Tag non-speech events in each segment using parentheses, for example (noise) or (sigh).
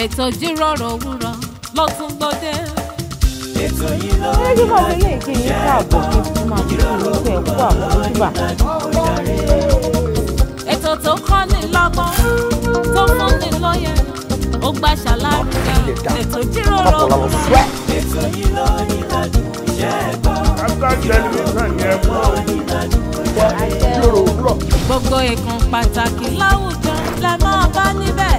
ètò jíròrò òwúrọ̀ ló tún gbòde. ètò yìí ló ń bá ilé ìpín yìí káàbọ̀ kí wọ́n máa ètò tó kọ́ ni lọ́gbọ́n tó fún ni lóye ó gbà ṣàlàyé ètò jíròrò òwúrọ̀. ètò yìí ló ní ìdájọ́ iṣẹ́ gbogbo ìkan pàtàkì láwùjọ lẹ máa bá níbẹ̀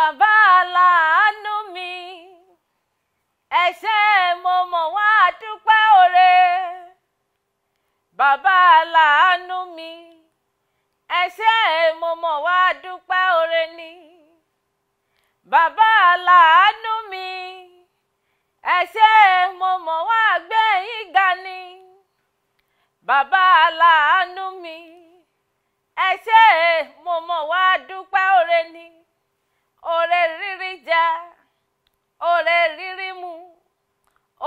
bàbá aláàánú mi ẹ̀ṣẹ̀ mo mọ̀ wá dúpẹ́ òre bàbá aláàánú mi ẹ̀ṣẹ̀ mo mọ̀ wá dúpẹ́ òre ni bàbá aláàánú mi ẹ̀ṣẹ̀ mo mọ̀ wá gbẹ̀yìn ga ni bàbá aláàánú mi ẹ̀ṣẹ̀ mo mọ̀ wá dúpẹ́ òre ni. ore riri jẹ ore riri mu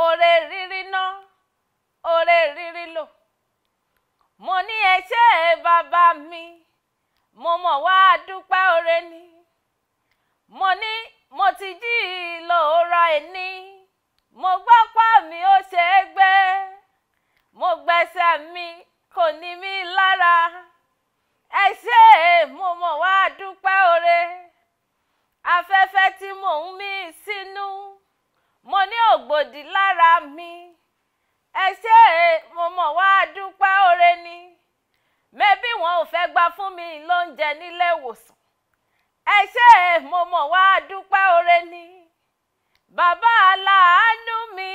ore riri ná ore riri lò mo ní ẹ bàbá mi mo mọ̀ wá dúpẹ́ oore ni mo ní mo ti jí lóòrọ̀ ẹni mo gbọ́pọ̀ mi ó ṣe é gbé mo gbẹ́sẹ̀ mi kò ní mí lára ẹ ṣé mo mọ̀ wá dúpẹ́ oore. afẹ́fẹ́ tí mò ń mí sínú mo ní ògbòdì lára mi ẹ ṣe é mo mọ̀ wá dúpẹ́ oore ni mẹ́bí wọn ò fẹ́ gba fún mi lóúnjẹ nílé ìwòsàn ẹ ṣe é mo mọ̀ wá dúpẹ́ oore ni bàbá aláàánú mi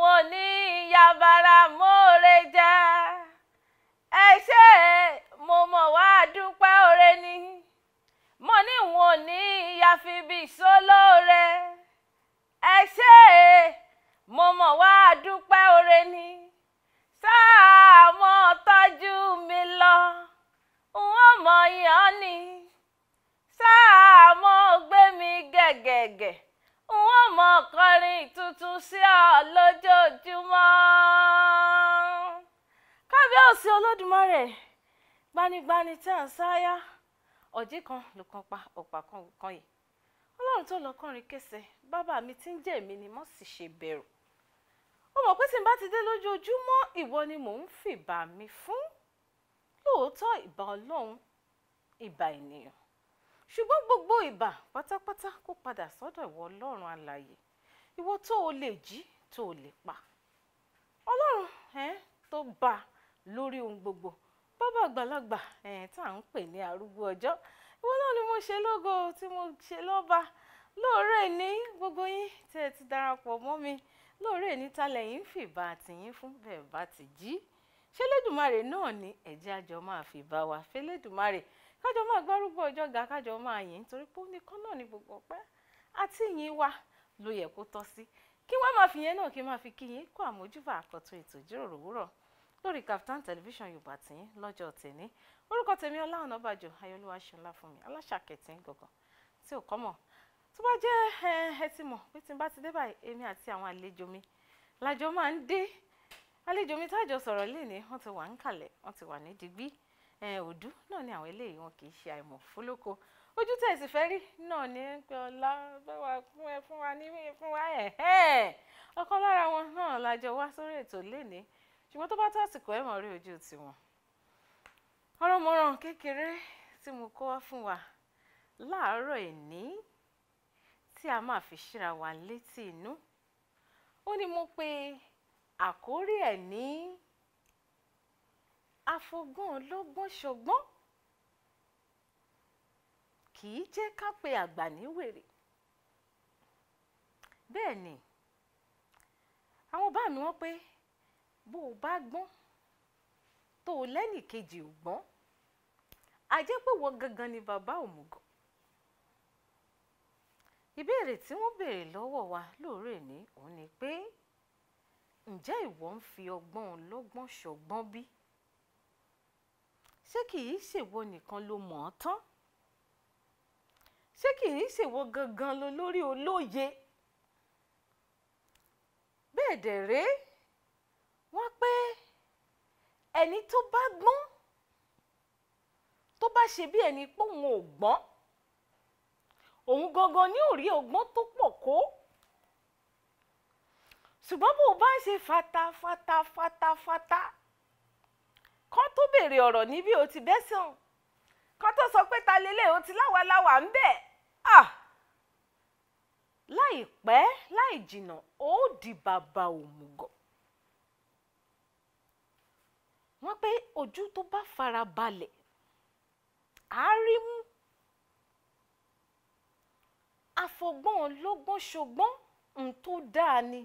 wọn ní yabara mọ́ọ̀rẹ́ jẹ́ ẹ ṣe é mo mọ̀ wá dúpẹ́ oore ni mo ní wọn ní ìyàfin bíi sólóore ẹ ṣe é mo mọ̀ wá dúpẹ́ oore ni sáà mo tọ́jú mi lọ n ó mọ ìyàn ni sáà gbé mi gẹ̀gẹ̀gẹ̀ n ó mọ kọrin tuntun sí ọ lójoojúmọ́ kábíyèsí olódùmarè gbanigbani tí à ń sáyà ọ̀jẹ́ kan ló kan pa ọ̀pá kan kan yìí ọlọ́run tó lọ kọrin kése bàbá mi ti ń jẹ́ èmi ni mo sì ṣe bẹ̀rù ó mọ̀ pé tí n bá ti dé lójoojúmọ́ ìwọ ni mò ń fìbà mi fún lóòótọ́ ìbà ọlọ́run ìbà ènìyàn ṣùgbọ́n gbogbo ìbà pátápátá kó padà sọ́dọ̀ ìwọ ọlọ́run alààyè ìwọ tó o lè jí tó o lè pa ọlọ́run ẹ̀ tó bá lórí ohun gbogbo bàbá àgbàlagbà tá à ń pè ní arúgbó ọjọ́ ìwọ náà ni mo ṣe lógo tí mo ṣe lọ́ba lóòrè ní gbogbo yín tẹ́ ẹ ti darapọ̀ mọ́ mi lóòrè ní talẹ̀ yín fìbà àtìyín fún bẹ́ẹ̀ bá ti jí ṣẹlẹ́dùmarè náà ni ẹ̀jẹ̀ àjọ máa fi bá wa ṣẹlẹ́dùmarè kájọ máa gbárùgbó ọjọ́ ga kájọ máa yìn torí pé nìkan náà ni gbogbo ọpẹ́ àti ìyìn wa ló yẹ kó tọ́ sí kí wọ́n máa fi yẹn náà kí n máa fi kí yín kó àmójúbà àkọ́tún ètò ìjíròrò òwúrọ̀ lórí captain, television yorùbá tí ń lọ́jọ́ tèmi orúkọ tèmi Ọlá Ọ̀nàbàjọ́ ayọ̀lúwa ṣọlá fún mi aláṣàkẹ́tì ń gọ̀gàn tí ò kọ́ mọ̀ tó bá jẹ́ ẹ ẹ ti mọ̀ pé tí n bá ti dé báyìí èmi àti àwọn àlejò mi lájọ máa ń dé àlejò mi tájọ sọ̀rọ̀ lénìí wọ́n ti wà ń kàlẹ̀ wọ́n ti wà ní digbí òdú náà ni àwọn eléyìí wọn kì í ṣe àìmọ̀ fólóko ojú tẹ̀ sì fẹ́ rí náà ní pé ọlá bẹ́wà fún ẹ fún wa ní fún wa ẹ̀ ẹ́ ọ̀kan lára wọn náà lájọ wá sórí ètò lénìí ṣùgbọ́n tó bá tó àsìkò ẹ̀ mọ̀ rí ojú tiwọn ọ̀rọ̀mọ̀ràn kékeré tí mo kó fún wa láàárọ̀ ìní tí a máa fi ṣíra wa létí inú ó ní mo pe àkórí ẹ̀ ní afọgbọ́n ọlọ́gbọ́n ṣọgbọ́n kì í jẹ́ ká pe àgbà níwèrè bẹ́ẹ̀ ni àwọn bá mi wọ́n pé bó o bá gbọ́n tó o lẹ́nì kejì ò gbọ́n a jẹ́ pé wọ́n gangan ni bàbá òmùgọ̀ ìbéèrè tí wọ́n béèrè lọ́wọ́ wa lóòrè ní òun ni pé ǹjẹ́ ìwọ ń fi ọgbọ́n ọlọ́gbọ́n ṣọgbọ́n bí ṣé kì í ṣèwọ nìkan ló mọ̀ ọ́ tán ṣé kì í ṣèwọ gangan ló lórí olóye bẹ́ẹ̀ dẹ̀ rèé wọ́n pé ẹni tó bá gbọ́n tó bá ṣe bí ẹni pé òun ò gbọ́n òun gangan ní òrí ọgbọ́n tó pọ̀ kó ṣùgbọ́n bó bá ṣe fata fata fata fata kán tó béèrè ọ̀rọ̀ níbi ò ti bẹ́sàn kán tó sọ pé ta lélẹ̀ ó ti láwaláwa ń bẹ̀ à láìpẹ́ láì jìnnà ó di bàbá òmùgọ̀. wọ́n pé ojú tó bá fara balẹ̀ á rí mú àfọgbọ́n lọ́gbọ́n ṣọgbọ́n ń tó dáa ni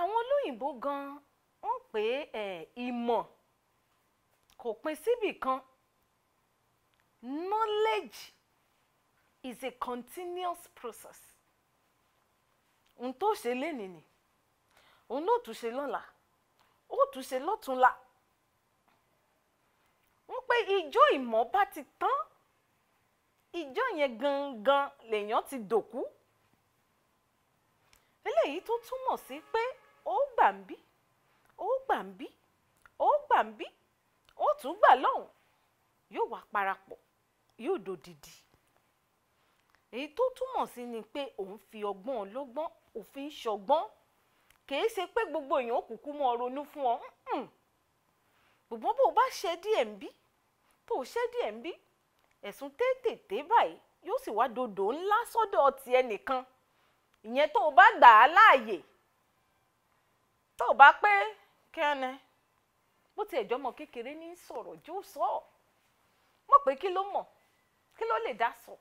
àwọn olóyìnbó gan wọ́n pé ẹ ìmọ̀ kò pín síbì kan knowledge is a continuous process ohun tó ṣe lénìí ni òun ló tún ṣe lọ́la ó tún ṣe lọ́túnla wọ́n pé ijó ìmọ̀ bá ti tán ijó yẹn gangan lèèyàn ti dòkú eléyìí tó túmọ̀ sí pé ó gbà ń bí ó gbà ń bí ó gbà ń bí ó tún gbà lọ́hùn yóò wá parapọ̀ yóò dòdìdì èyí tó túmọ̀ sí ni pé òun fi ọgbọ́n ọlọ́gbọ́n òfin ṣọgbọ́n kìí ṣe pé gbogbo èèyàn òkùnkùn mọ ronú fún ọ gbogbo bó o bá ṣe díẹ̀ ń bí tó o ṣe díẹ̀ ń bí ẹ̀sùn tètè báyìí yóò sì wá dodo ńlá sọ́dọ̀ ọtí ẹnìkan ìyẹn tó o bá gbà o bá pé kẹ́ni bó ti ẹ̀jọ́ kekere kékeré ní sọ̀rọ̀ jó sọ ọ́ mọ̀ pé kí ló mọ̀ kí ló lè dá sọ.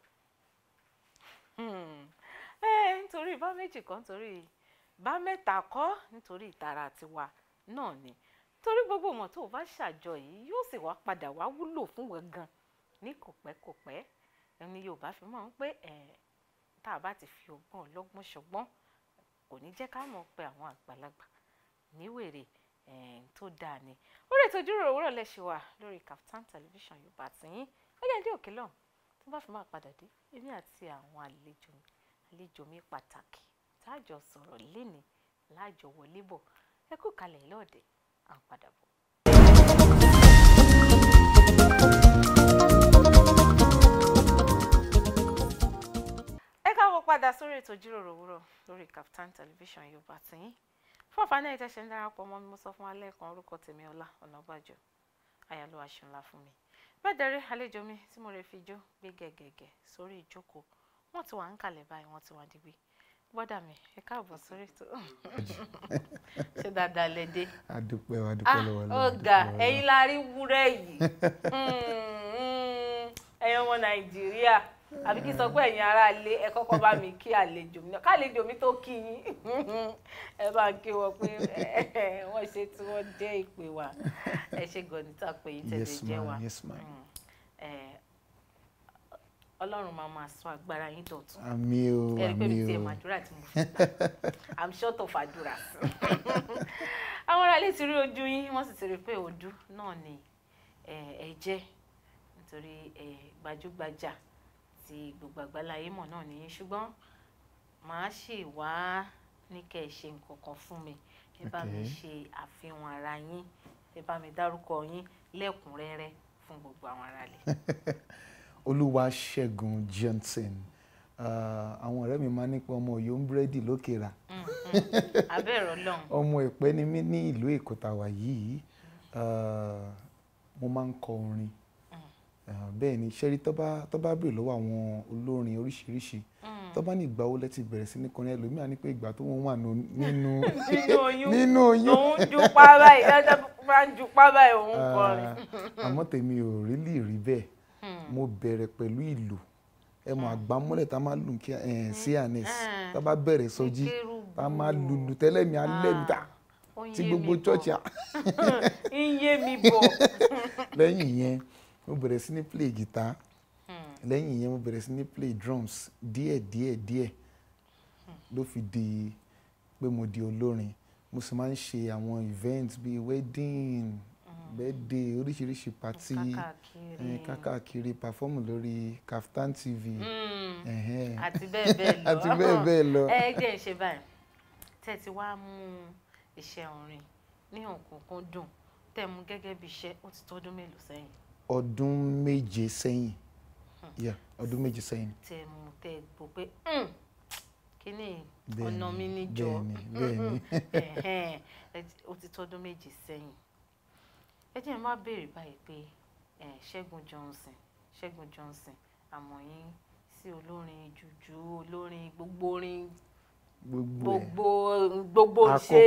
Hmm. ẹ nítorí kan torí bá mẹ́ta kọ́ nítorí ìtara tiwa náà ni torí gbogbo ọmọ tó bá ṣàjọ yìí yóò sì wá padà wá wúlò fún wọn gan ní kòpẹ́kòpẹ́ ẹni Yorùbá fi mọ̀ ń pé ẹ̀ tá a bá ti fi ọgbọ́n ọlọ́gbọ́n ṣọgbọ́n kò ní jẹ́ ká mọ̀ pé àwọn àgbàlagbà níwèrè tó dáa ni orí ètò ìjíròrò òwúrọ̀ lẹ ṣe lórí Kaftan television Yorùbá tìyín gẹ́gẹ́ dé òkè lọ́hùn tó bá fi máa padà dé èmi àti àwọn àlejò mi àlejò mi pàtàkì tájọ sọ̀rọ̀ lénìí lájọ wọlé bọ̀ ẹ kú kalẹ̀ lọ́ọ̀dẹ̀ à ń padà bọ̀. ẹ káàbọ̀ padà sórí ètò ìjíròrò òwúrọ̀ lórí Kaftan television yorùbá tìyín fún àǹfààní ẹ̀yìn tẹ́sẹ̀ ń darapọ̀ mọ́ mi mo sọ fún wa lẹ́ẹ̀kan orúkọ tèmi Ọlá Ọ̀nàbàjọ ayálò àṣùnlá fún mi bẹ́ẹ̀ dẹ̀rẹ́ àlejò mi tí mo rẹ̀ fi jó gbé gẹ̀gẹ̀gẹ̀ sórí ìjókòó wọ́n ti wà ń kalẹ̀ báyìí wọ́n ti wà dìgbì bọ́dà mi ẹ káàbọ̀ sórí ètò (laughs) ṣé dáadáa lẹ dé. a dúpẹ́ wa dúpẹ́ ah, lọ́wọ́ lọ́wọ́ ọ̀gá ẹ̀yin la rí wúrẹ́ yìí hmm, hmm. ẹ̀yin ọmọ nàìjíríà àbí kí n sọ pé ẹ̀yin ará ilé ẹ kọ́kọ́ bá mi kí àlejò mi náà kálejò mi tó kí yín (laughs) ẹ bá ń kí wọn pé (laughs) wọ́n ṣe tí wọ́n jẹ́ ìpè wa ẹ ṣe gọ̀nìtà pé yìí tẹ̀lé jẹ́ wa ọlọ́run máa máa sọ agbára yín dọ̀tun. àmì o àmì o ẹ̀rí pé mi ti ẹ̀ màdúrà tí mo fi gbà i'm sure of àdúrà. (laughs) àwọn aráàlú ti rí ojú yín wọ́n sì ti rí pé ojú náà ni ẹ jẹ́ nítorí gbajúgbajà tí gbogbo àgbáláyé mọ̀ náà nìyí ṣùgbọ́n màá sì wá ní kẹ́ ẹ ṣe nǹkan fún mi ẹ bá mi ṣe àfihàn ara yín ẹ bá mi dárúkọ yín lẹ́kùnrẹ́rẹ́ fún gbogbo àwọn aráàlú. (laughs) Olúwaṣẹ́gun Johnson ah, àwọn ọ̀rẹ́ mi máa ń nípa ọmọ Ọ̀yọ́ ń búrẹ́dì lókè rà abẹ́rẹ́ ọlọ́run ọmọ ìpẹ́ ni mí ní ìlú Èkó tàwa yìí ah, mo máa ń kọ orin mm. ah, bẹ́ẹ̀ ni ṣẹ́rí tó bá béèrè lọ́wọ́ àwọn olórin oríṣiríṣi mm. tó bá ní ìgbà wo lẹ́ti bẹ̀rẹ̀ sí ní kọrin ẹlòmíà ní pé ìgbà tó wọ́n wà nínú oyún nínú oyún òun ju pa báyìí dáadáa máa ń ju pa báyìí òun kọrin. àmọ́ tèmi ò rí lè rí bẹ́ẹ̀ mo bẹ̀rẹ̀ pẹ̀lú ìlù ẹ mọ̀ àgbámọ́lẹ̀ tá a máa lù kí eh, ẹ sí anis tá a bá bẹ̀rẹ̀ sọjí tá a máa lùlù tẹ́lẹ̀ mi alẹ́ mi ta ah, ti gbogbo chọ́ọ̀chì à. iye mi bọ̀. (laughs) (laughs) lẹ́yìn yẹn mo bẹ̀rẹ̀ sí ní play guitar hmm. lẹ́yìn yẹn mo bẹ̀rẹ̀ sí ní play drums díẹ̀ díẹ̀ díẹ̀ hmm. ló fi di pé mo di olórin mo sì máa ń ṣe àwọn events bíi wedding bẹ́ẹ̀dẹ̀ oríṣiríṣi pàtí kákàkiri pàfọ́ọ̀mù lórí Kaftan TV hmm. (laughs) àti bẹ́ẹ̀ bẹ́ẹ̀ lọ. ẹ jẹ́ ìṣe báyìí tẹ́ ti wá mú iṣẹ́ orin ní òkùnkùn dùn tẹ́ mú gẹ́gẹ́ bí iṣẹ́ ó ti tọ́dún mélòó sẹ́yìn. ọdún méje sẹ́yìn hmm. ọdún méje sẹ́yìn. tẹ́ mú tẹ́ gbọ́ pé hmm, kíní ọ̀nà mi níjọ (laughs) ó ti tọ́dún méje sẹ́yìn ẹ jẹ́ n wá béèrè báyìí pé ṣẹ́gun johnson ṣẹ́gun johnson àmọ̀yín sí olórin jùjú olórin gbogbo orin gbogbo gbogbo ṣe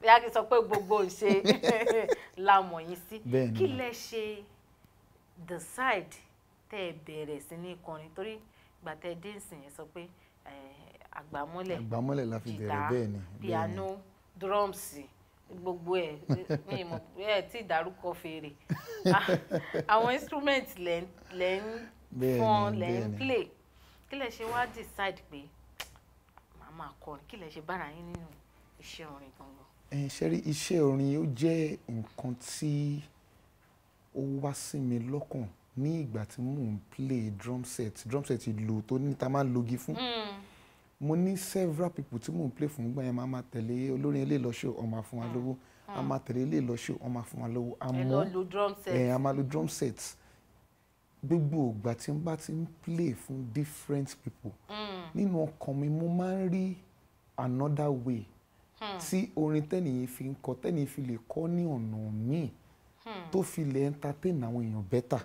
bí a kì í sọ pé gbogbo ṣe (laughs) la mọ̀ yín sí kí lẹ ṣe the side tẹ́ ẹ bẹ̀rẹ̀ sí ní kọrin torí ìgbà tẹ́ ẹ dé yẹn sọ pé àgbàmọ́lẹ̀ àgbàmọ́lẹ̀ la fi bẹ̀rẹ̀ bẹ́ẹ̀ ni piano drums. Si gbogbo ẹ mi mọ̀ ẹ tí ìdárúkọ fèrè (laughs) àwọn instrument lẹ ń fọn lẹ ń play kí lẹ ṣe wá decide pé màá máa kọrin kí lẹ ṣe bára yín nínú iṣẹ́ orin gangan. ẹ ṣe rí iṣẹ́ orin ó jẹ́ nǹkan tí ó wá sí mi lọ́kàn ní ìgbà tí mò ń play drum set drum set ìlù tó ní ta máa ń logi fún. Mm mo ní several people tí mò ń play fún gbọ́n yẹn máa ma tẹ̀lé olórin ilé ìlọ́ṣọ́ ah, ó ah. máa fún wa lówó a máa tẹ̀lé ilé ìlọ́ṣọ́ ó máa fún wa lówó àmọ́ ẹ̀ a máa lo drum set gbogbo ìgbà tí n bá ti ń play fún different people hmm. nínú ọkàn mi mo máa ń rí another way hmm. tí orin tẹ́nìyí fi ń kọ tẹ́nìyí fi lè kọ ní ọ̀nà míì. Hmm. tó fi lè entertain àwọn èèyàn bẹ́tà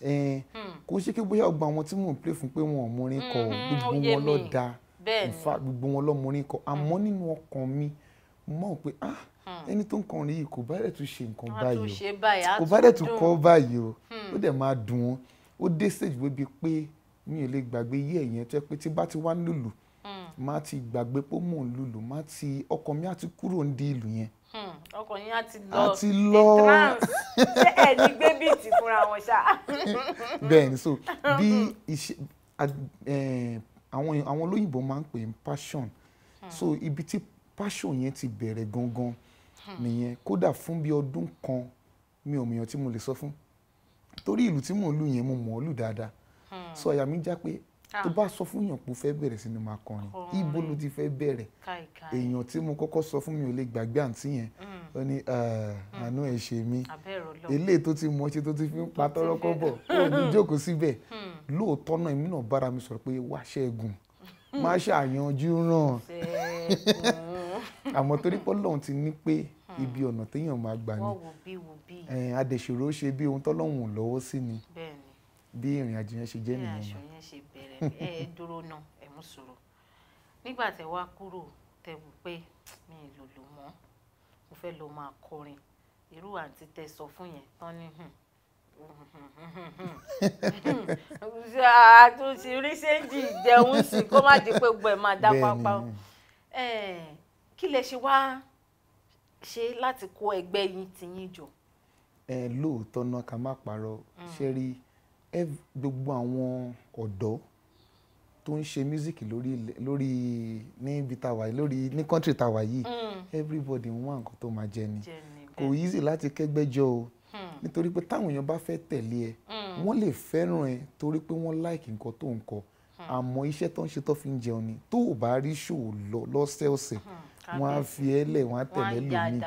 hmm. kò ṣe kí bóyá ọgbà àwọn tí mò ń play fún pé wọn ò mọrin kọ hmm, gbogbo wọn lọ da ìfà gbogbo wọn lọ mọrin kọ àmọ́ nínú ọkàn mi mọ̀ pé ah ẹni tó ń kọrin yìí kò bá dẹ̀ tún ṣe nǹkan báyìí o kò bá dẹ̀ tún kọ́ báyìí o ó dẹ̀ máa dùn ún ó dé stage wébi pé mi ò lè gbàgbé yí ẹ̀yẹn tó yẹ pé tí bá ti wá ń lùlù má ti gbàgbé pé mò ń lùlù má ti ọkàn mi á ti kúrò ń di ìlù yẹn Hmm, ọkọ̀ yín á ti lọ á ti lọ ṣé ẹ ní gbé bíìtì fúnra wọn ṣá. (laughs) bẹ́ẹ̀ ni so bí iṣẹ́ àwọn olóyìnbó máa ń pè ní passion hmm. so ibi tí passion yẹn ti bẹ̀rẹ̀ gangan hmm. nìyẹn kódà fún bí ọdún kan mi ò mìíràn tí mo lè sọ fún torí ìlú tí mò ń lù yẹn mo mọ̀ ọ́ lù dáadáa so àyà mi já pé Ah. tó bá sọ fún èèyàn pé ó fẹ́ bẹ̀rẹ̀ sí ni máa kọrin ibo ló ti fẹ́ bẹ̀rẹ̀ èèyàn tí mo kọ́kọ́ sọ fún mi ò lè gbàgbé àǹtí yẹn mm. ó ní mm. àánú ẹ̀ ṣe mí eléyìí tó ti mọṣẹ́ tó ti fi ń pa tọ́rọ́kọ́ bọ̀ ó ní jókòó síbẹ̀ mm. lóòótọ́ náà èmi náà bára mi sọ̀rọ̀ pé wá ṣẹ́gun má ṣàyànjú ràn àmọ́ torí pé Ọlọ́run ti ní pé ibi ọ̀nà téèyàn máa gbà ni adèṣòro ṣe bí ohun tọ́lọ́hún bí ìrìn àjò yẹn ṣe jẹ́ nìyẹn ẹ dúró náà ẹ mú sùúrù nígbà tẹ wá kúrò tẹ wù pé mi ì lò lò mọ́ mo fẹ́ lọ máa kọrin irú àǹtí tẹ sọ fún yẹn tán ní àtúnṣe rí ṣéǹjì ìjẹun sí kó má di pé gbogbo ẹ̀ máa dá pápá kí lẹ ṣe wá ṣe láti kó ẹgbẹ́ yín tiyín jọ. ẹ lóòótọ́ náà ká má parọ́ ṣe rí gbogbo àwọn ọ̀dọ́ tó ń ṣe music lórí lórí níbi tàwa lórí ní country tàwa yìí mm. everybody ń wá nǹkan tó máa jẹ ni kò easy láti kẹ́gbẹ́ jọ o hmm. nítorí pé táwọn èèyàn bá fẹ́ tẹ̀lé ẹ hmm. wọ́n lè fẹ́ràn ẹ torí pé wọ́n like nǹkan tó ń kọ hmm. àmọ́ iṣẹ́ tó ń ṣe tó fi ń jẹun ni tó o bá rí ṣòwò lọ lọ́sẹ̀ọ̀sẹ̀ wọ́n á fi ẹ lẹ̀ wọ́n á tẹ̀lé lómi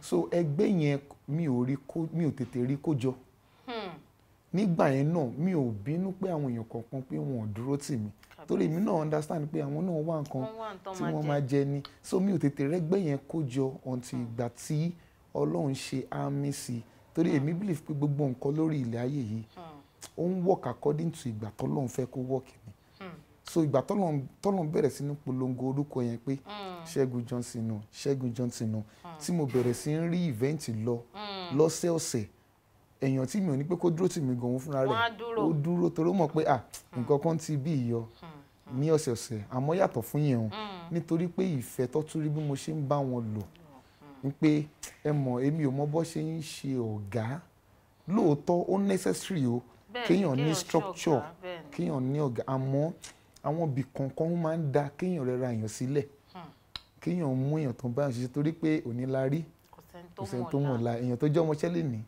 so ẹgbẹ́ yẹn mi ò tètè rí kó jọ nígbà yẹn náà mi ò bínú pé àwọn èèyàn kọ̀ọ̀kan pé wọn ò dúró tì mí torí èmi náà understand pé àwọn náà wà nǹkan tí wọ́n máa jẹ ni so mi ò tètè rẹ́gbẹ́ yẹn kó jọ until hmm. ìgbà tí ọlọ́run ṣe àmì sí i torí èmi hmm. believe pé gbogbo nǹkan lórí ilẹ̀ ayé yìí hmm. ó ń work according to ìgbà tọ́lọ́run fẹ́ kó work ni so ìgbà tọ́lọ́run bẹ̀rẹ̀ sí ní polongo orúkọ yẹn pé Ṣẹ́gun Johnson nù Ṣẹ́gun Johnson nù tí mo bẹ̀rẹ̀ sí ń rí event lọ lọ́sẹ̀ọ̀sẹ̀ èèyàn tí mi ò ní pé kó dúró tì mí gan-an fúnra rẹ̀ ó dúró torí ó mọ̀ pé ah nǹkan kan ti bí ìyọ ní ọ̀sẹ̀ọ̀sẹ̀ àmọ́ yàtọ̀ fún yẹn o mm. nítorí pé ìfẹ́ tó tún rí bí mo ṣe ń bá wọn lò ń mm-hmm. pé ẹ mọ̀ èmi ò mọ bó ṣe ń ṣe ọ̀gá lóòótọ́ ó necessary o kéèyàn ní structure kéèyàn ní ọ̀gá àmọ́ àwọn ibì kankan máa ń da kéèyàn rẹ̀ ra èèyàn sílẹ̀ hmm. kéèyàn mú èèyàn tó ń bá ṣiṣẹ́ torí pé òní la rí kò sẹ́ni tó mọ̀ la èèyàn tó jẹ́ ọmọọṣẹ́ lè ní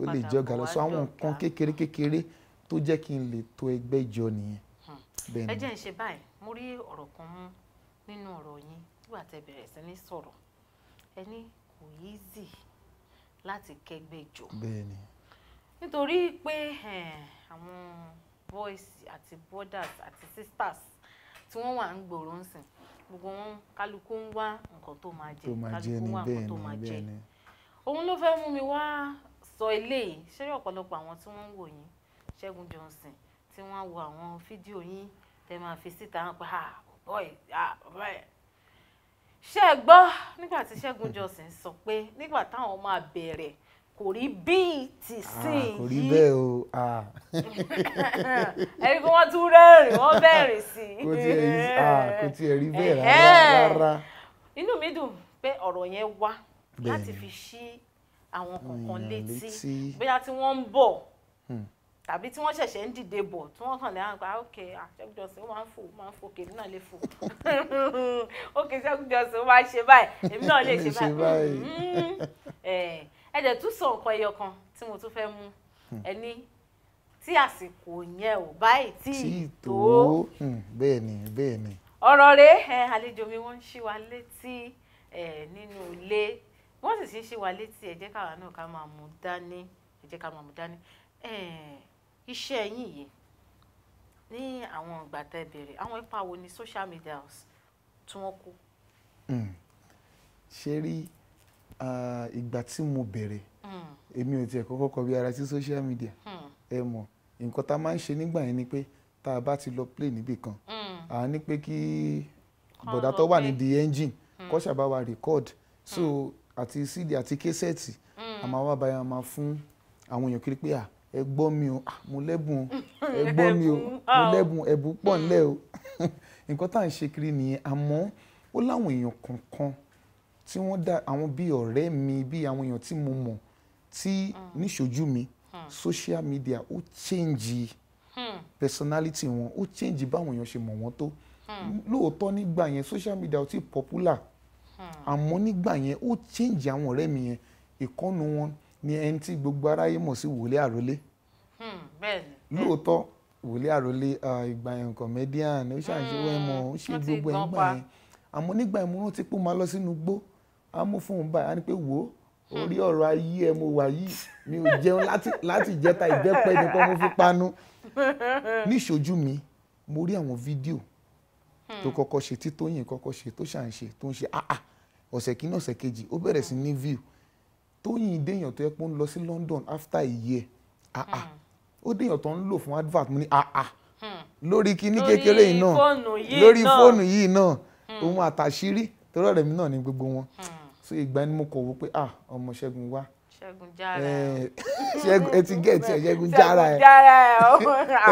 ó lè jẹ́ ọ̀gá lọ sọ àwọn nǹkan kékeré kékeré tó jẹ́ kí n lè tò ẹgbẹ́ jọ nìyẹn ẹ jẹ́ ń ṣe báyìí mo rí ọ̀rọ̀ kan mú nínú ọ̀rọ̀ yín nígbà tẹ́ bẹ̀rẹ̀ sí ní sọ̀rọ̀ ẹ ní kò easy láti kẹgbẹ́ jọ nítorí pé àwọn boys àti brothers àti sisters tí wọ́n wà ń gbòòrò ń sìn gbogbo wọn kálukú ń wá nǹkan tó máa jẹ kálukú wá nǹkan tó máa jẹ òun ló fẹ́ mú mi wá sọ eléyìí ṣé ọ̀pọ̀lọpọ̀ àwọn tí wọ́n ń wò yín Ṣẹ́gun Johnson tí wọ́n wo àwọn fídíò yín tẹ́ máa fi síta hàn pé ah bọ́ ẹ̀ ah gbọ́ nígbà tí Ṣẹ́gun Johnson sọ pé nígbà táwọn máa bẹ̀rẹ̀ kò rí bíi sí i ah, yìí kò rí bẹ́ẹ̀ o ah. (laughs) ẹni pé wọ́n tún rẹ́rìn wọ́n bẹ̀rẹ̀ sí i kò tiẹ̀ ah, rí bẹ́ẹ̀ rárá. inú mi dùn pé ọ̀rọ̀ yẹn wá láti fi ṣí àwọn kọ̀ọ̀kan létí bóyá tí wọ́n ń bọ̀. Hmm tàbí tí wọ́n ṣẹ̀ṣẹ̀ ń dìde bọ̀ tí wọ́n kàn lè hàn pa ah, ókè ah, Ṣẹ́gun Johnson ó máa ń fò ó máa ń fò òkè èmi náà lè fò ókè Ṣẹ́gun Johnson ó máa ń ṣe báyìí èmi náà lè ṣe báyìí hmm. eh, ẹ jẹ́ tún sọ nǹkan ẹyọ kan tí mo tún fẹ́ mú hmm. ẹni tí àsìkò yẹn ò báyìí tí ì tó hmm, bẹ́ẹ̀ ni bẹ́ẹ̀ ni. ọ̀rọ̀ rẹ̀ àlejò mi wọ́n ń ṣí wa létí nínú ilé wọ́n sì ṣe ń ṣí wa létí ẹ jẹ́ káwa náà ká máa mú dání ẹ ká máa mú dání iṣẹ́ yín yìí ní àwọn ìgbà tẹ́ bẹ̀rẹ̀ àwọn ipa wo ni social media tí wọ́n kó. Hmm. ṣe rí ìgbà tí mo bẹ̀rẹ̀ hmm. èmi ò tiẹ̀ kọ́kọ́ kọbi ara sí social media hmm. ẹ mọ̀ nǹkan tá a máa ń ṣe nígbà yẹn ni pé tá a bá ti lọ play níbì kan à ní pé kí bọ̀dà tó wà ní the engine kó ṣàbá wa record so àti cd àti késẹ́ẹ̀tì àmọ́ wá báyà máa fún àwọn èèyàn kiri pé à ẹgbọ́n mi o ah, mo lẹ́bùn o (laughs) ẹgbọ́n mi o mo ah. lẹ́bùn ẹ̀bùn pọ̀ ńlẹ̀ o (laughs) nǹkan tá à ń ṣe kiri nìyẹn àmọ́ ó láwọn èèyàn kọ̀ọ̀kan tí wọ́n dá àwọn bíi ọ̀rẹ́ mi bíi àwọn èèyàn tí mo mọ̀ tí hmm. níṣojú mi hmm. social media ó change hmm. personality wọn ó change báwọn èèyàn ṣe mọ̀ wọ́n tó lóòótọ́ nígbà yẹn social media ó ti popular àmọ́ nígbà yẹn ó change àwọn ọ̀rẹ́ mi yẹn ìkọ́nu wọn ni ẹni tí gbogbo aráyé mọ̀ sí wòlé àrólé hmm, lóòótọ́ wòlé àrólé ìgbà yẹn comedian ó ṣàǹṣewọ́ hmm, ẹ̀ mọ̀ ó ṣe gbogbo ẹ̀ ńgbà yẹn àmọ́ nígbà yẹn mo rántí pé ó máa lọ sínú igbó á mú fún un báyìí á ní pé wò ó hmm. orí ọ̀rọ̀ ayé ẹ mo wà yìí mi ò jẹun láti ìjẹta ìbẹ́pẹ nìkan mo fi panu (laughs) ní ìṣojú mi mo rí àwọn fídíò tó kọ́kọ́ ṣe tí Tóyìn kọ́kọ́ ṣe tó ṣàǹṣe tó ń ṣe ah ah ọ̀sẹ̀ ọ̀sẹ̀ kejì ó bẹ̀rẹ̀ sí ní view tóyìn déèyàn tó yẹ pé ó ń lọ sí London after a year ah ah ó déèyàn tó ń lò fún advert mo ní ah ah lórí kíní kékeré yìí náà lórí fóònù yìí náà òun hmm. àtàṣírí torí ọ̀rẹ́ mi náà ni gbogbo wọn hmm. so ìgbà ni mo kọ̀ wọ́n pé ah ọmọ Ṣẹ́gun wá ṣẹ́gun jára ẹ eh, (laughs) ṣẹ́gun ẹ ti gẹ̀ tiẹ̀ ṣẹ́gun jára ẹ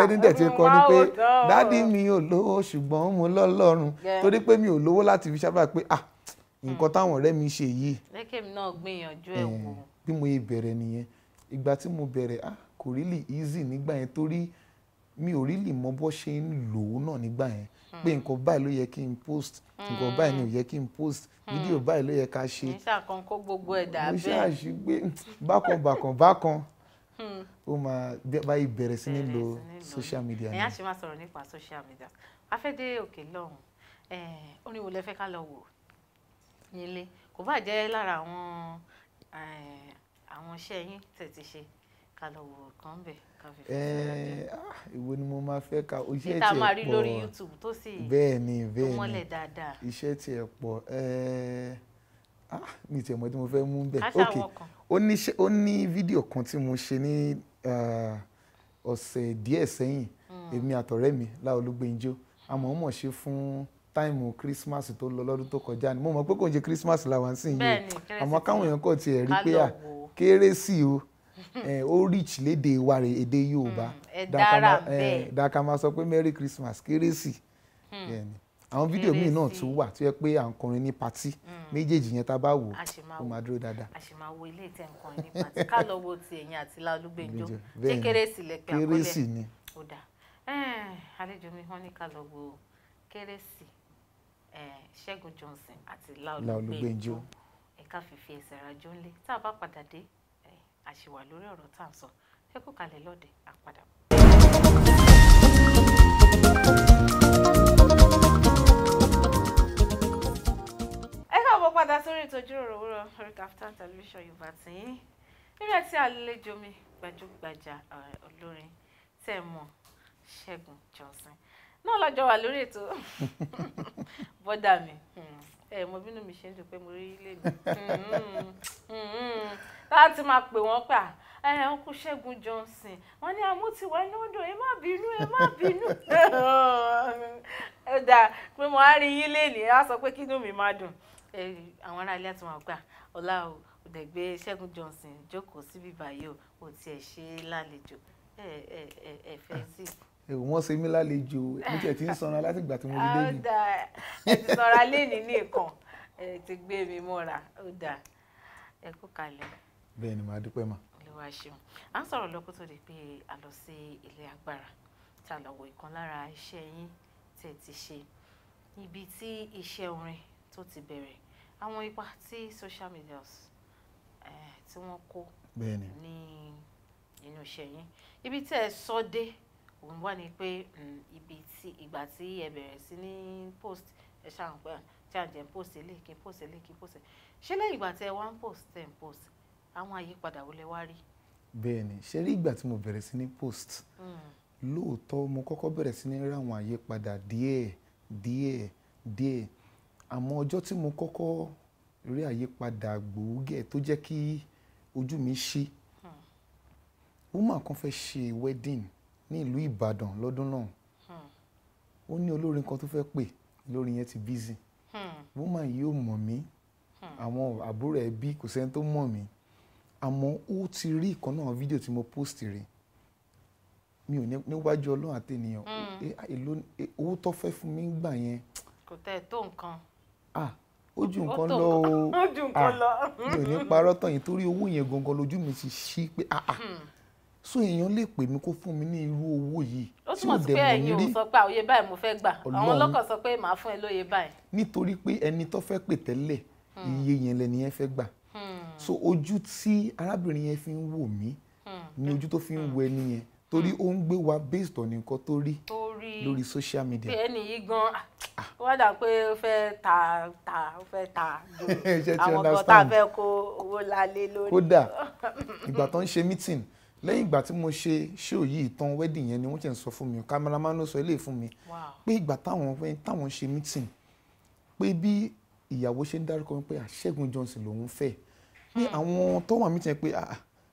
ẹni (laughs) dẹ̀ ti kọ́ ni pé dádì mi ò lówó ṣùgbọ́n mo lọ́lọ́run torí pé mi ò lówó láti fi ṣábà pé ah nǹkan táwọn ọ̀rẹ́ mi ṣe yìí. lẹ́kẹ̀ mi náà gbìyànjú ẹ̀ wò. bí mo yẹ bẹ̀rẹ̀ nìyẹn ìgbà tí mo bẹ̀rẹ̀ ah kò really easy nígbà yẹn torí mi ò really mọ bó ṣe ń lò ó náà nígbà yẹn hmm. pé nǹkan báyìí ló yẹ kí n post nǹkan báyìí ni ò hmm. yẹ kí n post fídíò hmm. báyìí ló yẹ ká ṣe. nígbà kó gbogbo ẹ̀ dà bẹ́ẹ̀. mo ṣàṣìgbé bákan bákan bákan ó máa báyìí bẹ̀rẹ̀ sí ní lo social media. ẹ̀yin á ṣe máa sọ̀rọ̀ nípa social media afẹ́dé òkè lọ́hùn-ún orin wo lẹ fẹ́ ká lọ wò nílé kò bá jẹ́ lára àwọn eh, àwọn iṣẹ́ yín tẹ̀tí ṣe ká lọ wò kán bẹ̀ ká fi fi ṣe eh, ah, ìwo ni mo máa fẹ́ ka iṣẹ́ tiẹ̀ pọ̀ níta máa rí lórí YouTube tó sì bẹ́ẹ̀ni bẹ́ẹ̀ni tó mọ́lẹ̀ dáadáa iṣẹ́ tiẹ̀ pọ̀ eh, ah, mi tiẹ̀ mọ̀ tí mo fẹ́ mú bẹ́ẹ̀ ok ó ní fídíò kan tí mo ṣe ní ọ̀sẹ̀ díẹ̀ sẹ́yìn hmm. èmi àtọ̀rẹ́ mi Láolúgbénjó a mọ̀ọ́mọ̀ ṣe fún táìmù christmas tó lọ lọ́dún tó kọjá ni mo mọ̀ pé kò ń ṣe christmas làwọn sì ń yẹ àmọ́ káwọn èèyàn kò tiẹ̀ rí pé à kérésì o ó reach léde wa rè èdè yorùbá mm, dàkà máa sọ pé merry christmas kérésì mm. àwọn fídíò míì náà tún wà tó yẹ pé à ń kọrin ní patí mm. méjèèjì yẹn tá a bá wò ó máa dúró dáadáa. a sì máa wo ilé ìtẹ̀ nǹkan ní patí ká lọ wo ti ẹ̀yìn àti lálùgbẹ́jọ́ ṣé kérésì lẹ pé àkọlẹ̀ ni. ó dà àlejò mi wọ́n ní ká lọ wo kérésì ṣẹ́gun johnson àti láolúgbẹ́njọ́ ẹ̀ka fìfì ẹsẹ̀ rajó ńlẹ̀ tá a bá padà dé àṣìwà lórí ọ̀rọ̀ tá à ń sọ ẹ kú kalẹ̀ lọ́dẹ àpadà. ẹ káàbọ̀ padà sórí ètò ìjíròrò òwúrọ̀ orí Kaftan television yorùbá tí nígbà tí àlejò mi gbajúgbajà olórin tẹ̀ mọ́ ṣẹ́gun johnson náà lájọ wà lórí ètò (laughs) bọ́dà mi hmm. ẹ mo bínú mi ṣe ń dùn pé mo rí ilé mi láti hmm, hmm, máa pè wọ́n pà ẹ Ṣẹ́gun Johnson wọ́n ní àmútiwọ́ inú dùn ẹ má bínú ẹ má bínú ẹ (laughs) dà pé mo á rí yín lénìí á sọ pé kínú mi má dùn àwọn ará ilé àti wọn àgbà ọlá o òdẹ̀gbẹ́ Ṣẹ́gun Johnson jókòó síbí báyìí o ò tiẹ̀ ṣe lálejò ẹ ẹ ẹ ẹ sí i ẹ̀wù wọn ṣe mí lálejò mo tiẹ̀ ti ń sanra láti ìgbà tí mo fi dé mi. ọ̀dà ẹ ti sanra léèní nìkan ẹ ti gbé mi mọ́ra ọ̀dà ẹ kú kalẹ̀. bẹ́ẹ̀ ni màá dúpẹ́ mà. olúwa ṣeun à ń sọ̀rọ̀ lọ́kọ́ tó di pé a lọ sí ilé agbára tá a lọ wo ìkan lára iṣẹ́ yín tẹ̀ ti ṣe ibi tí iṣẹ́ orin tó ti bẹ̀rẹ̀ àwọn ipa tí social media tí wọ́n kó ní inú iṣẹ́ yín ibi tí ẹ sọ dé òun wà ní pé mm, ibi tí ìgbà tí ẹ bẹ̀rẹ̀ sí ní post ẹ ṣáà ń pẹ́ tí à ń jẹ́ post eléyìí post eléyìí kí post ṣé lẹ́yìn ìgbà tí ẹ wá post ten post àwọn àyípadà wo wá rí. bẹ́ẹ̀ ni ṣe rí ìgbà tí mo bẹ̀rẹ̀ sí ní post hmm. lóòótọ́ mo kọ́kọ́ bẹ̀rẹ̀ sí ní rí àwọn àyípadà díẹ̀ díẹ̀ díẹ̀ àmọ́ ọjọ́ tí mo kọ́kọ́ rí àyípadà gbòógẹ̀ tó jẹ́ kí ojú mi ṣí hmm. woman kan fẹ́ ṣe wedding ní ìlú Ìbàdàn lọ́dún náà ó ní olórin kan tó fẹ́ pè olórin yẹn ti bízì woman yìí ò mọ̀ mí àwọn àbúrò ẹbí kò sẹ́ni tó mọ̀ mí àmọ́ ó ti rí ìkan náà fídíò tí mo post rí mi ò níwájú ọlọ́run àtẹnìyàn hmm. owó tó fẹ́ fún mi gbà yẹn. kò tẹ́ ẹ tó nǹkan. ah ó ju nǹkan lọ o ah (laughs) mi ò ní parọ́ tán yìí torí owó yẹn gangan lójú mi ti ṣí pé ah ah so èèyàn lè pè mí kó fún mi ní irú owó yìí tí ò dẹ̀ mọ̀ ní rí ó túmọ̀ sí pé ẹ̀yin ò sọ pé àwòye ah, báyìí mo fẹ́ gbà àwọn ọlọ́kọ̀ sọ pé màá fún ẹ lóye báyìí. nítorí pé ẹni tó fẹ́ pè tẹ́lẹ̀ hmm. iye yẹn lẹni yẹn fẹ́ gbà hmm. so ojú tí arábìnrin yẹn fi ń wò mí hmm. ni ojú tó fi ń wo ẹni yẹn torí ó ń gbé wa based on nǹkan tó rí lórí social media. pé ẹni yìí gan ah, ah. wọ́n dà pé ó fẹ́ ta ta ó fẹ́ ta (laughs) àwọn kan tá a fẹ́ kó owó lálé lórí. kódà (laughs) ìgbà tó ń ṣe meeting lẹ́yìn ìgbà tí mo ṣe ṣóò yìí tán wedding yẹn ni wọ́n ti ń sọ fún mi cameraman ló sọ eléyìí fún mi pé ìgbà táwọn pé táwọn ṣe meeting pé bí ìyàwó ṣe ń dárúkọ pé Ṣẹ́gun Johnson lòun fẹ́ pé hmm. àwọn tó wà meeting pé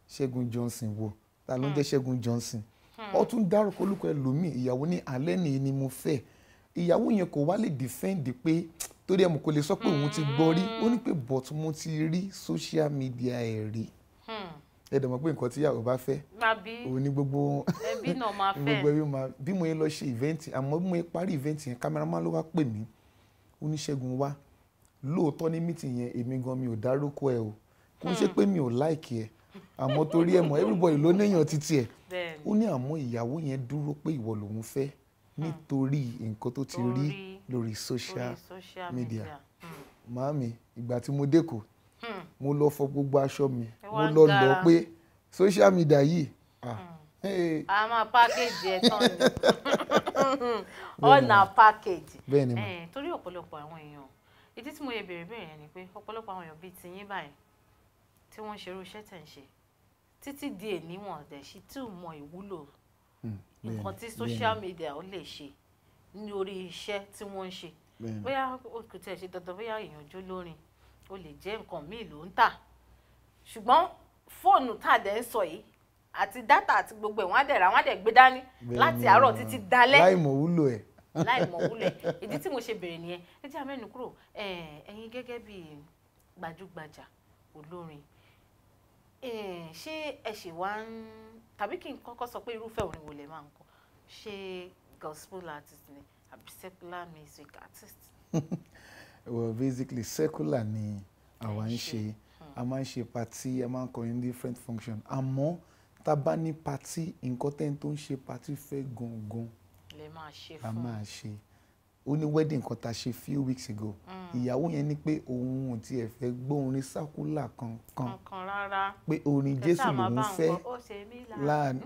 Ṣẹ́gun Johnson wo ta ló ń jẹ́ hmm. Ṣẹ́gun Johnson ó hmm. tún dárúkọ olùkọ ẹlòmíì ìyàwó ní alẹ́ nìyí ni mo fẹ́ ìyàwó yẹn kò wá lè defend pé torí ẹ̀ mo kò lè sọ pé òun ti gbọ́ rí ó ní pé but mo ti rí social media ẹ̀ rí ẹ dẹ̀ mọ̀ pé nǹkan tí yàwó bá fẹ́ òun ni gbogbo ẹbí náà máa (laughs) fẹ́ gbogbo ẹbí máa bí mo yẹn lọ ṣe ìvẹ́ǹtì àmọ́ bí mo yẹn parí ìvẹ́ǹtì yẹn kámẹ́rámán ló wá pè mí oníṣègùn wa lóòótọ́ ní mítì yẹn èmi gan mi ò dárúkọ ẹ o kò ṣe hmm. pé mi ò láìkì ẹ àmọ́ torí ẹ mọ̀ everybody ló níyàn títí ẹ ó ní àmọ́ ìyàwó yẹn dúró pé ìwọ lòun fẹ́ hmm. nítorí nǹkan tó ti rí lórí social media hmm. màámi ìgbà tí mo dẹ́kọ̀ọ́ Mm. mo lọ fọ gbogbo aṣọ mi mo lọ lọ pé social media yìí mm. eh. a máa pákéjì ẹ̀ tán ni (laughs) ọ̀nà pákéjì eh, torí ọ̀pọ̀lọpọ̀ àwọn èèyàn ìdí tí mo yẹ bèrè bèrè yẹn ni pé ọ̀pọ̀lọpọ̀ àwọn èèyàn bíi tiyín báyìí tí wọ́n ń ṣerú iṣẹ́ tẹ̀ ń ṣe títí di èní wọn dẹ̀ tí ò mọ ìwúlò mm, nǹkan tí social media ó lè ṣe ní orí iṣẹ́ tí wọ́n ń ṣe bóyá kò tẹ̀ ṣe dandan bóyá èèyàn jó lórin ó lè jẹ́ nǹkan míì ló ń tà ṣùgbọ́n fóònù tá a dẹ̀ ń sọ yìí àti dátà àti gbogbo ẹ̀ wọ́n á dẹ̀ ra wọ́n á dẹ̀ gbé dání láti àárọ̀ títí dalẹ́ láì mọ̀ wúlò ẹ̀ láì mọ̀ wúlò ẹ̀ (laughs) ìdí tí mo ṣe bèrè nìyẹn ẹ jẹ́ àmẹ́nu kúrò ẹ̀yin gẹ́gẹ́ bí gbajúgbajà olórin ṣé ẹ ṣì wá ń tàbí kí n kọ́kọ́ sọ pé irúfẹ́ orin wo lẹ máa ń kọ ṣé gospel artist ni àbí secular music artist. (laughs) well basically secular ni àwa ń ṣe a máa ń ṣe party a máa ń kọrin different function àmọ́ tá a bá ní party nǹkan tẹ́ ń tó ń ṣe party fẹ́ gangan a máa ṣe ó ní wedding kan tá a ṣe few weeks ago hmm. ìyàwó yẹn ní pé òun ò tiẹ̀ fẹ́ gbọ́ orin sákúlà kankan pé orin jésù lòún fẹ́ láàánú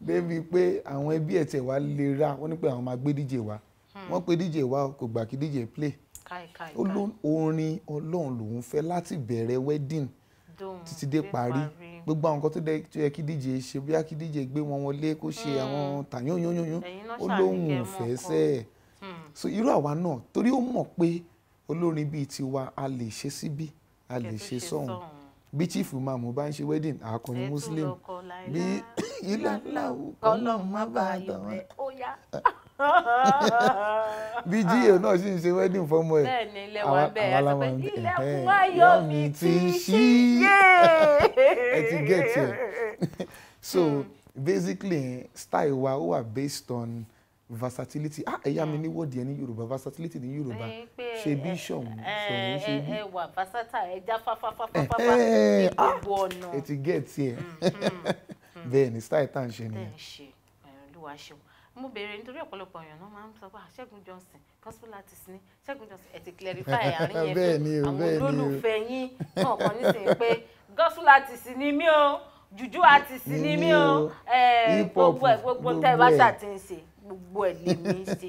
débi pé àwọn ẹbí ẹ̀ tẹ̀ wá lè ra wọ́n ní pé àwọn máa gbé díje wá wọ́n pe dj wa kò gbà kí dj play orin ọlọ́run lòun fẹ́ láti bẹ̀rẹ̀ wedding títí dé parí gbogbo àwọn nǹkan tó yẹ kí dj ṣe bóyá kí dj gbé wọn wọlé kó ṣe hmm. àwọn tàyúnyúnyúnyún ó lóun ò sẹ́ ẹ̀ so irú àwa náà torí ó mọ̀ pé olórin bíi tiwa a lè ṣe síbí a lè ṣe sọ́hùn bí chief mamu bá ń ṣe wedding akọni muslim bí (coughs) ilé ńlá kọ́ lọ́ọ́ má bàa dán bí GA náà sì ń ṣe wedding fọ́mọ ẹ̀ bẹ́ẹ̀ni lẹ́wà bẹ́ẹ̀ àtàpẹ ilẹ̀kùn ayọ̀ mi ti ṣí (laughs) ẹ ti get it (laughs) (laughs) so hmm. basically style wa ó wà based on versatility ah ẹ̀yà mi hmm. ní wọ́ọ̀dì ẹ̀ ní yorùbá versatility ní yorùbá ṣe bí ṣọ̀hún ṣọ̀hún ṣe bí. ẹ wà versatile ẹ já fáfáfáfáfá ní gbogbo ah, ọ̀nà. ẹ ti get it hmm, bẹ́ẹ̀ ni style tá à ń ṣe nìyẹn. bẹ́ẹ̀ ṣe olúwa ṣeun mo béèrè nítorí ọ̀pọ̀lọpọ̀ èèyàn náà máa ń sọ pé ṣẹ́gun johnson gospel artist ni ṣẹ́gun johnson ẹ̀ ti clarify àárín yẹn fún àwọn olólùfẹ́ yín náà kan nísìnyí pé gospel artist ni mí o juju artist ni mí o gbogbo ẹ̀ gbogbo tẹ́ ẹ bá ṣàtì ń ṣe gbogbo ẹ̀ lè mí ṣe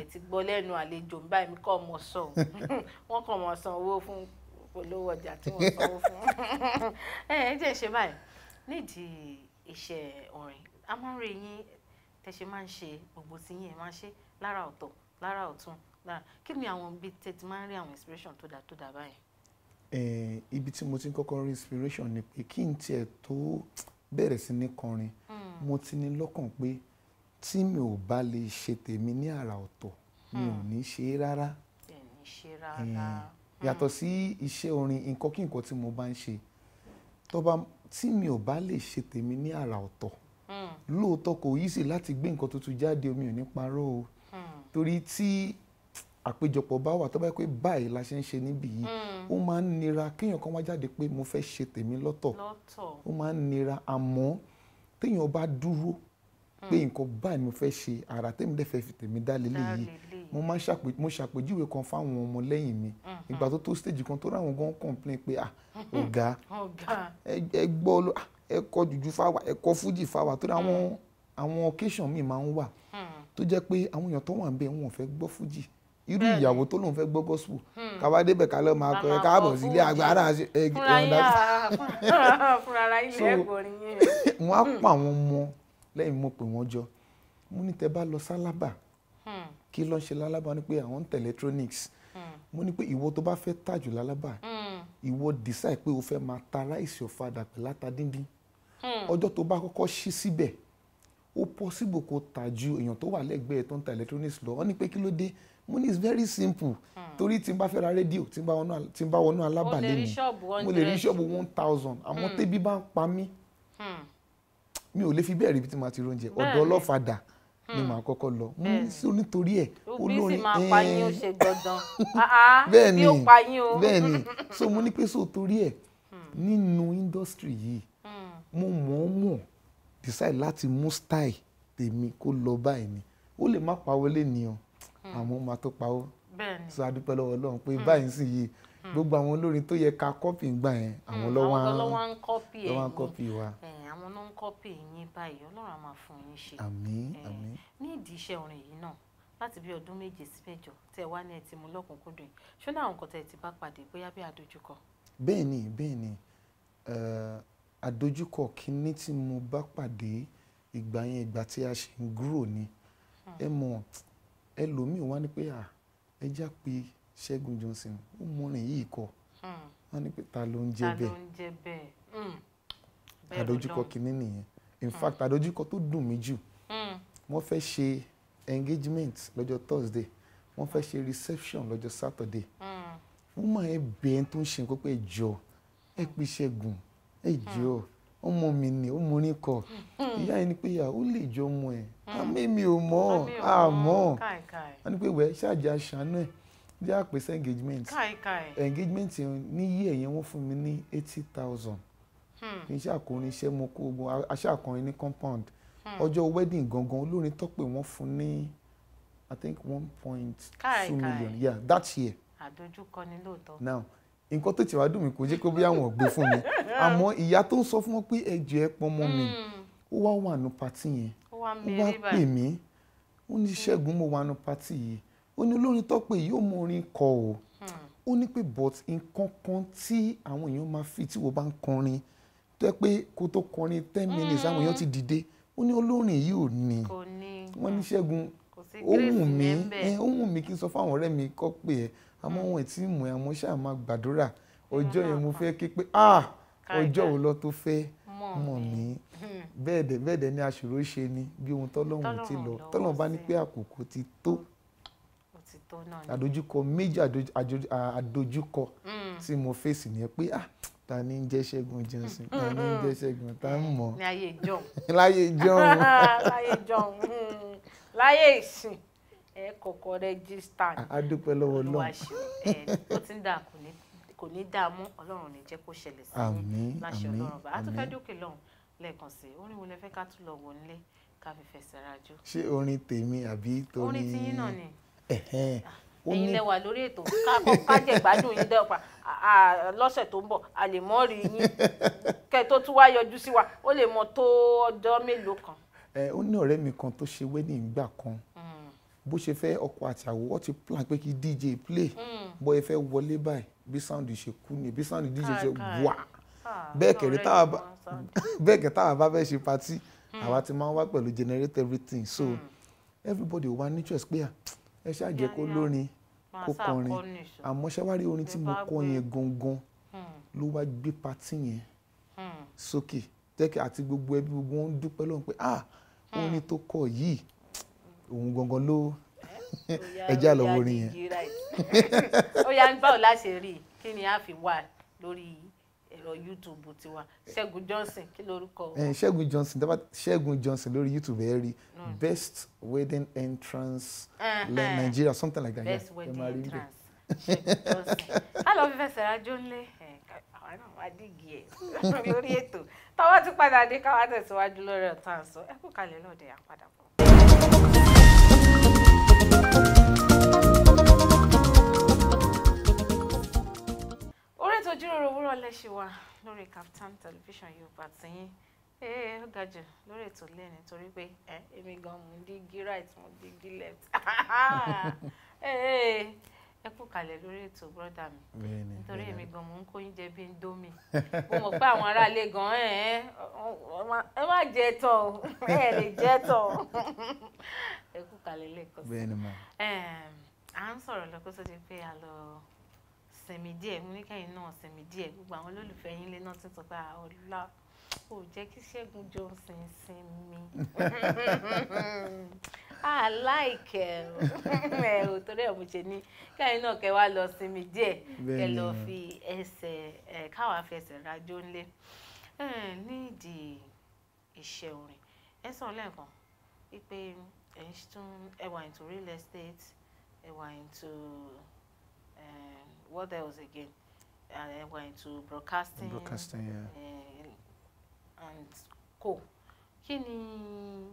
ẹ̀ ti gbọ́ lẹ́nu àlejò mi báyìí kọ́ ọmọ sọ (laughs) wọ́n kọ́ ọmọ san owó fún olówó ọjà tí wọ́n sanwó fún ẹ̀ (laughs) ẹ̀ jẹ́ ṣe báyìí nídìí iṣẹ́ orin a máa ń rí yín ẹ ṣe máa ń ṣe gbogbo tí yín ẹ máa ń ṣe lára ọ̀tọ̀ lára ọ̀tún lára kí ni àwọn ibi tẹ ti máa ń rí àwọn inspiration tó dáa tó dáa báyìí. ibi tí mo ti ń kọ́kọ́ rí inspiration ni pé kí n tiẹ̀ tó bẹ̀rẹ̀ sí ní kọrin hmm. mo ti ní lọ́kàn pé tí mi ò bá lè ṣe tèmi ní àrà ọ̀tọ̀ mi ò hmm. ní ṣe é rárá. Hmm. yàtọ̀ sí iṣẹ́ orin nǹkan kí nǹkan tí mo bá ń ṣe tó bá tí mi ò bá lè ṣe tèmi ní àrà ọ̀tọ̀ lóòótọ́ kò easy láti gbé nǹkan tuntun jáde omi ò ní parọ́ o hmm. torí tí àpéjọpọ̀ bá wà tó bá yẹ pé báyìí la ṣe ń ṣe níbí yìí hmm. ó máa ń nira kéèyàn kan wá jáde pé mo fẹ́ ṣe tèmi lọ́tọ̀ ó máa ń nira àmọ́ téèyàn bá dúró pé hmm. nǹkan báyìí mo fẹ́ ṣe ara tèmi dẹ̀ fẹ́ fi tèmi dá lélẹ̀ yìí mo máa ń ṣàpèjúwe kan fáwọn ọmọ lẹ́yìn mi ìgbà tó tó stage kan tó ráwọn gan complain pé ah (laughs) ọ̀gá ẹ gbọ́ ọ ẹ kọ jùjú fáwa ẹ kọ fújì fáwa torí àwọn hmm. àwọn occasion míì máa ń wà hmm. tó jẹ́ pé àwọn èèyàn tó wà ń bẹ wọn ò fẹ́ gbọ́ fújì irú ìyàwó tó lòun fẹ́ gbọ́ gospel hmm. káwá débẹ̀ ká lọ máa kọ ẹ káàbọ̀ sílé agbára ẹ̀ẹ́dá so wọ́n (laughs) á pa àwọn ọmọ lẹ́yìn mo pè wọ́n jọ mo ní tẹ́ bá lọ sálábà kí ló ń ṣe lálábà ni pé àwọn ń tẹ̀ electronics mo ní pé ìwọ tó bá fẹ́ tàjù lálábà ìwọ decide pé o fẹ́ máa ta rice your father pẹ̀lú Hmm. ọjọ́ tó bá kọ́kọ́ ṣí síbẹ̀ ó possible kó ta ju èèyàn tó wà lẹ́gbẹ̀ẹ́ tó ń ta electronics lọ wọ́n ní pé kí ló dé mo ní it's very simple hmm. torí tí n bá fẹ́ ra rédíò tí n bá wọnú alábàálẹ̀ mi mo lè rí ṣọ́ọ̀bù one thousand àmọ́ hmm. tébí bá ń pa mí mi ò lè fi bẹ́ẹ̀ rí ibi tí màá ti róúnjẹ ọ̀dọ̀ ọlọ́fadà ni màá kọ́kọ́ lọ mo ní sí onítorí ẹ̀ olórin ẹ̀ẹ́n bẹ́ẹ̀ ni (laughs) ah, ah, bẹ́ẹ̀ ni (laughs) so mo ní pé so torí ẹ̀ nínú industry yìí mo mọ̀ọ́mọ̀ decide láti mú style tèmi kó lọ báyìí ni ó lè má pawó lẹ́ni o hmm. àmọ́ ó máa tó pawó so adúpẹ́ lọ́wọ́ ọlọ́run pé hmm. báyìí sì yìí hmm. gbogbo àwọn olórin tó yẹ ká kọ́pì gbà yẹn àwọn lọ́wọ́ ń kọ́pì lọ́wọ́ ń kọ́pì wa. àwọn ló ń kọ́pì yín báyìí ọlọ́run á máa fún yín ṣe. àmín àmín. ní ìdí iṣẹ́ orin yìí náà láti bí ọdún méje sí mẹ́jọ tẹ wá ní ẹtì mú lọ́kùnkúndùn yìí ṣó ní àwọn nǹkan tẹ ti bá pàdé bóyá bí àdójúkọ. bẹ́ẹ̀ ni bẹ́ẹ̀ ni àdójúkọ kínní tí mo bá pàdé ìgbà yẹn ìgbà tí a ṣe ń grow ni ẹ mọ̀ ẹlòmíì wá ní pé à ẹ já pé Ṣẹ́gun Johnson ó mọrin yìí kọ hmm. wọ́n ní pé ta ló ń jẹ́ bẹ́ẹ̀ hmm. àdójúkọ kínní nìyẹn in hmm. fact àdójúkọ tó dùn mí jù wọ́n fẹ́ ṣe engagement lọ́jọ́ Thursday wọ́n fẹ́ ṣe reception lọ́jọ́ Saturday wọ́n máa ń bẹ ẹni tó ń ṣe nǹkan pé jọ ẹ pè Ṣẹ́gun ẹ jọ ọmọ mi ni ó morin kọ ìyá yẹn ni pé ó lè jọ ọmọ ẹ àmì mi ò mọ àmọ́ wọn ni pé wẹ ṣáàjà ṣàánú ẹ jẹ àpèsè engagement engagement yẹn ní yí ẹyẹn wọn fún mi ní eighty thousand hmm. kì í ṣàkórin iṣẹ́ mo kó ogun aṣàkọrin ní compound hmm. ọjọ́ wedding gangan olórin tó pé wọ́n fún ní i think one point two million yeah that year. àdójúkọ ni lóòótọ́. now nǹkan tó ti wá dùn mí kò jẹ́ pé bóyá wọn ò gbé fún mi àmọ́ ìyá tó ń sọ fún wọn pé ẹ̀jẹ̀ ẹ pọnmọ mi hmm. ó wá wà nù pátì yẹn ó wá pè mí ó ní ṣẹ́gun mo wà nù pátì yìí ó ní olórin tọ́pẹ́ yìí ó mọ orin kọ o hmm. ó ní pé but nǹkan kan tí àwọn èèyàn máa fi tí wọ́n bá ń kọrin tó yẹ pé kó tó kọrin ten hmm. minutes àwọn èèyàn ti dìde ó ní olórin yìí ò ní wọ́n ní ṣẹ́gun ó wù mí kí n sọ fáwọn ọ̀rẹ́ mi kọ́ pé ẹ̀ àmọ́ ohun hmm. ètí ìmọ̀ ẹ̀ mo ṣáà máa gbàdúrà ọjọ́ yẹn mo fẹ́ kí ah ọjọ́ wo lọ tó fẹ́ mọ̀ mí hmm. bẹ́ẹ̀ dẹ̀ bẹ́ẹ̀ dẹ̀ ni aṣòro ṣe ni bí ohun tọ́lọ́run ti lọ tọ́lọ́run bá ní pé àkókò ti tó àdójúkọ méjì àdójúkọ hmm. tí mo fèsì ni pé ah ta ni ń jẹ́ Ṣẹ́gun Johnson ta ni ń jẹ́ Ṣẹ́gun ta ń mọ̀ láyé jọ̀hún (laughs) láyé jọ̀hún (laughs) láyé ìsìn ẹ kọ́kọ́ rẹ́gísítà ni adúpẹ́ lọ́wọ́ náà ẹ ó ti ń dà kò ní kò ní dààmú ọlọ́run ní jẹ́ kó ṣẹlẹ̀ sí mi láṣẹ ọlọ́run bá a tún fẹ́ dókè lọ́hùn lẹ́ẹ̀kan sí orin wo lẹ fẹ́ ká tún lọ wò nílé ká fi fẹsẹ̀ rajó. ṣé orin tèmi àbí torí orin tiyín náà ni ah, ẹ̀yin lẹ lórí ètò kájẹ gbádùn yín dẹ́pa lọ́sẹ̀ tó ń bọ̀ a lè mọ́ rí yín kẹ́ tó tún wá yọjú sí wa ó lè mọ tó ọjọ́ mélòó kan. ó ní ọ̀rẹ́ mi kan tó ṣe wedding nígbà kan. Mm bó ṣe fẹ́ ọkọ àti àwòwọ́ ti plan pé kí dj play hmm. bọ́ ẹ fẹ́ wọlé báyìí bí sound ṣe kú ni bí sound dj ṣe wà ah, bẹ́ẹ̀ kẹ̀rẹ́ (laughs) tá a bá fẹ́ ṣe party hmm. àwa ti máa ń wá pẹ̀lú generate everything so hmm. everybody wà ní choice pé ah, ẹ ṣáà jẹ́ kó lórin kó kọrin àmọ́ ṣáwárí orin tí mo kọ yẹn gangan ló wá gbé party yẹn sókè tẹ́kẹ̀ àti gbogbo ẹbí gbogbo wọn ń dúpẹ́ lọ́wọ́ pé ah orin tó kọ yìí òun gangan ló ẹjẹ́ àlọ́ wo nìyẹn. ó yá báwo la rí kí ni a fi wà lórí ẹ̀rọ YouTube tiwa Ṣẹ́gun Johnson kí lorúkọ. Ṣẹ́gun Johnson dábàá Ṣẹ́gun Johnson lórí YouTube ẹ rí hmm. best wedding entrance in Nigeria something like that. best wedding entrance Ṣẹ́gun Johnson. a lọ fi fẹsẹ̀ rájò ńlẹ̀ àwọn náà wá dìgì ẹ̀ lórí orí ètò táwa ti padà dé káwa tẹ̀síwájú lórí ọ̀tá àǹsọ ẹ kú kalẹ̀ lọ́dẹ̀ àpadàbọ̀. ètò ìjíròrò òwúrọ̀ lẹ́sìn wa lórí Kaftan television yorùbá tiyín ee ó ga jù lórí ètò lẹ́ni torí pé ẹ èmi gan mo dígí right mo dígí left (laughs) ee ẹ kú kalẹ̀ lórí ètò brọ́dà mi nítorí èmi gan mo ń kó oúnjẹ bí ń dó mi mo mọ̀ pé àwọn aráalé gan ẹ ẹ má jẹ tọ̀ ẹ lè jẹ tọ̀ (laughs) ẹ kú kalẹ̀ lẹ́ẹ̀kan sí i à ń sọ̀rọ̀ lọ́kọ́sọ́ di pé a lọ sinmi díẹ̀ mo ní kẹ́yìn náà sinmi díẹ̀ gbogbo àwọn olólùfẹ́ yín lé náà ti sọ pé ọlá ò jẹ́ kí Ṣẹ́gun Johnson sinmi aláìkẹ́ ẹ̀ ò torí ẹ̀ mo ṣe ní kẹ́yìn náà kẹ́ wá lọ sinmi díẹ̀ kẹ́ lọ fi ẹsẹ̀ ẹ̀ káwa fẹsẹ̀ rajó ńlẹ̀ nídìí iṣẹ́ orin ẹ sọ lẹ́ẹ̀kan wípé ẹ̀ ń tún ẹwà into real estate ẹwà into. Um, what else again? And then went to broadcasting. Broadcasting, yeah. Uh, and co. Kini, ni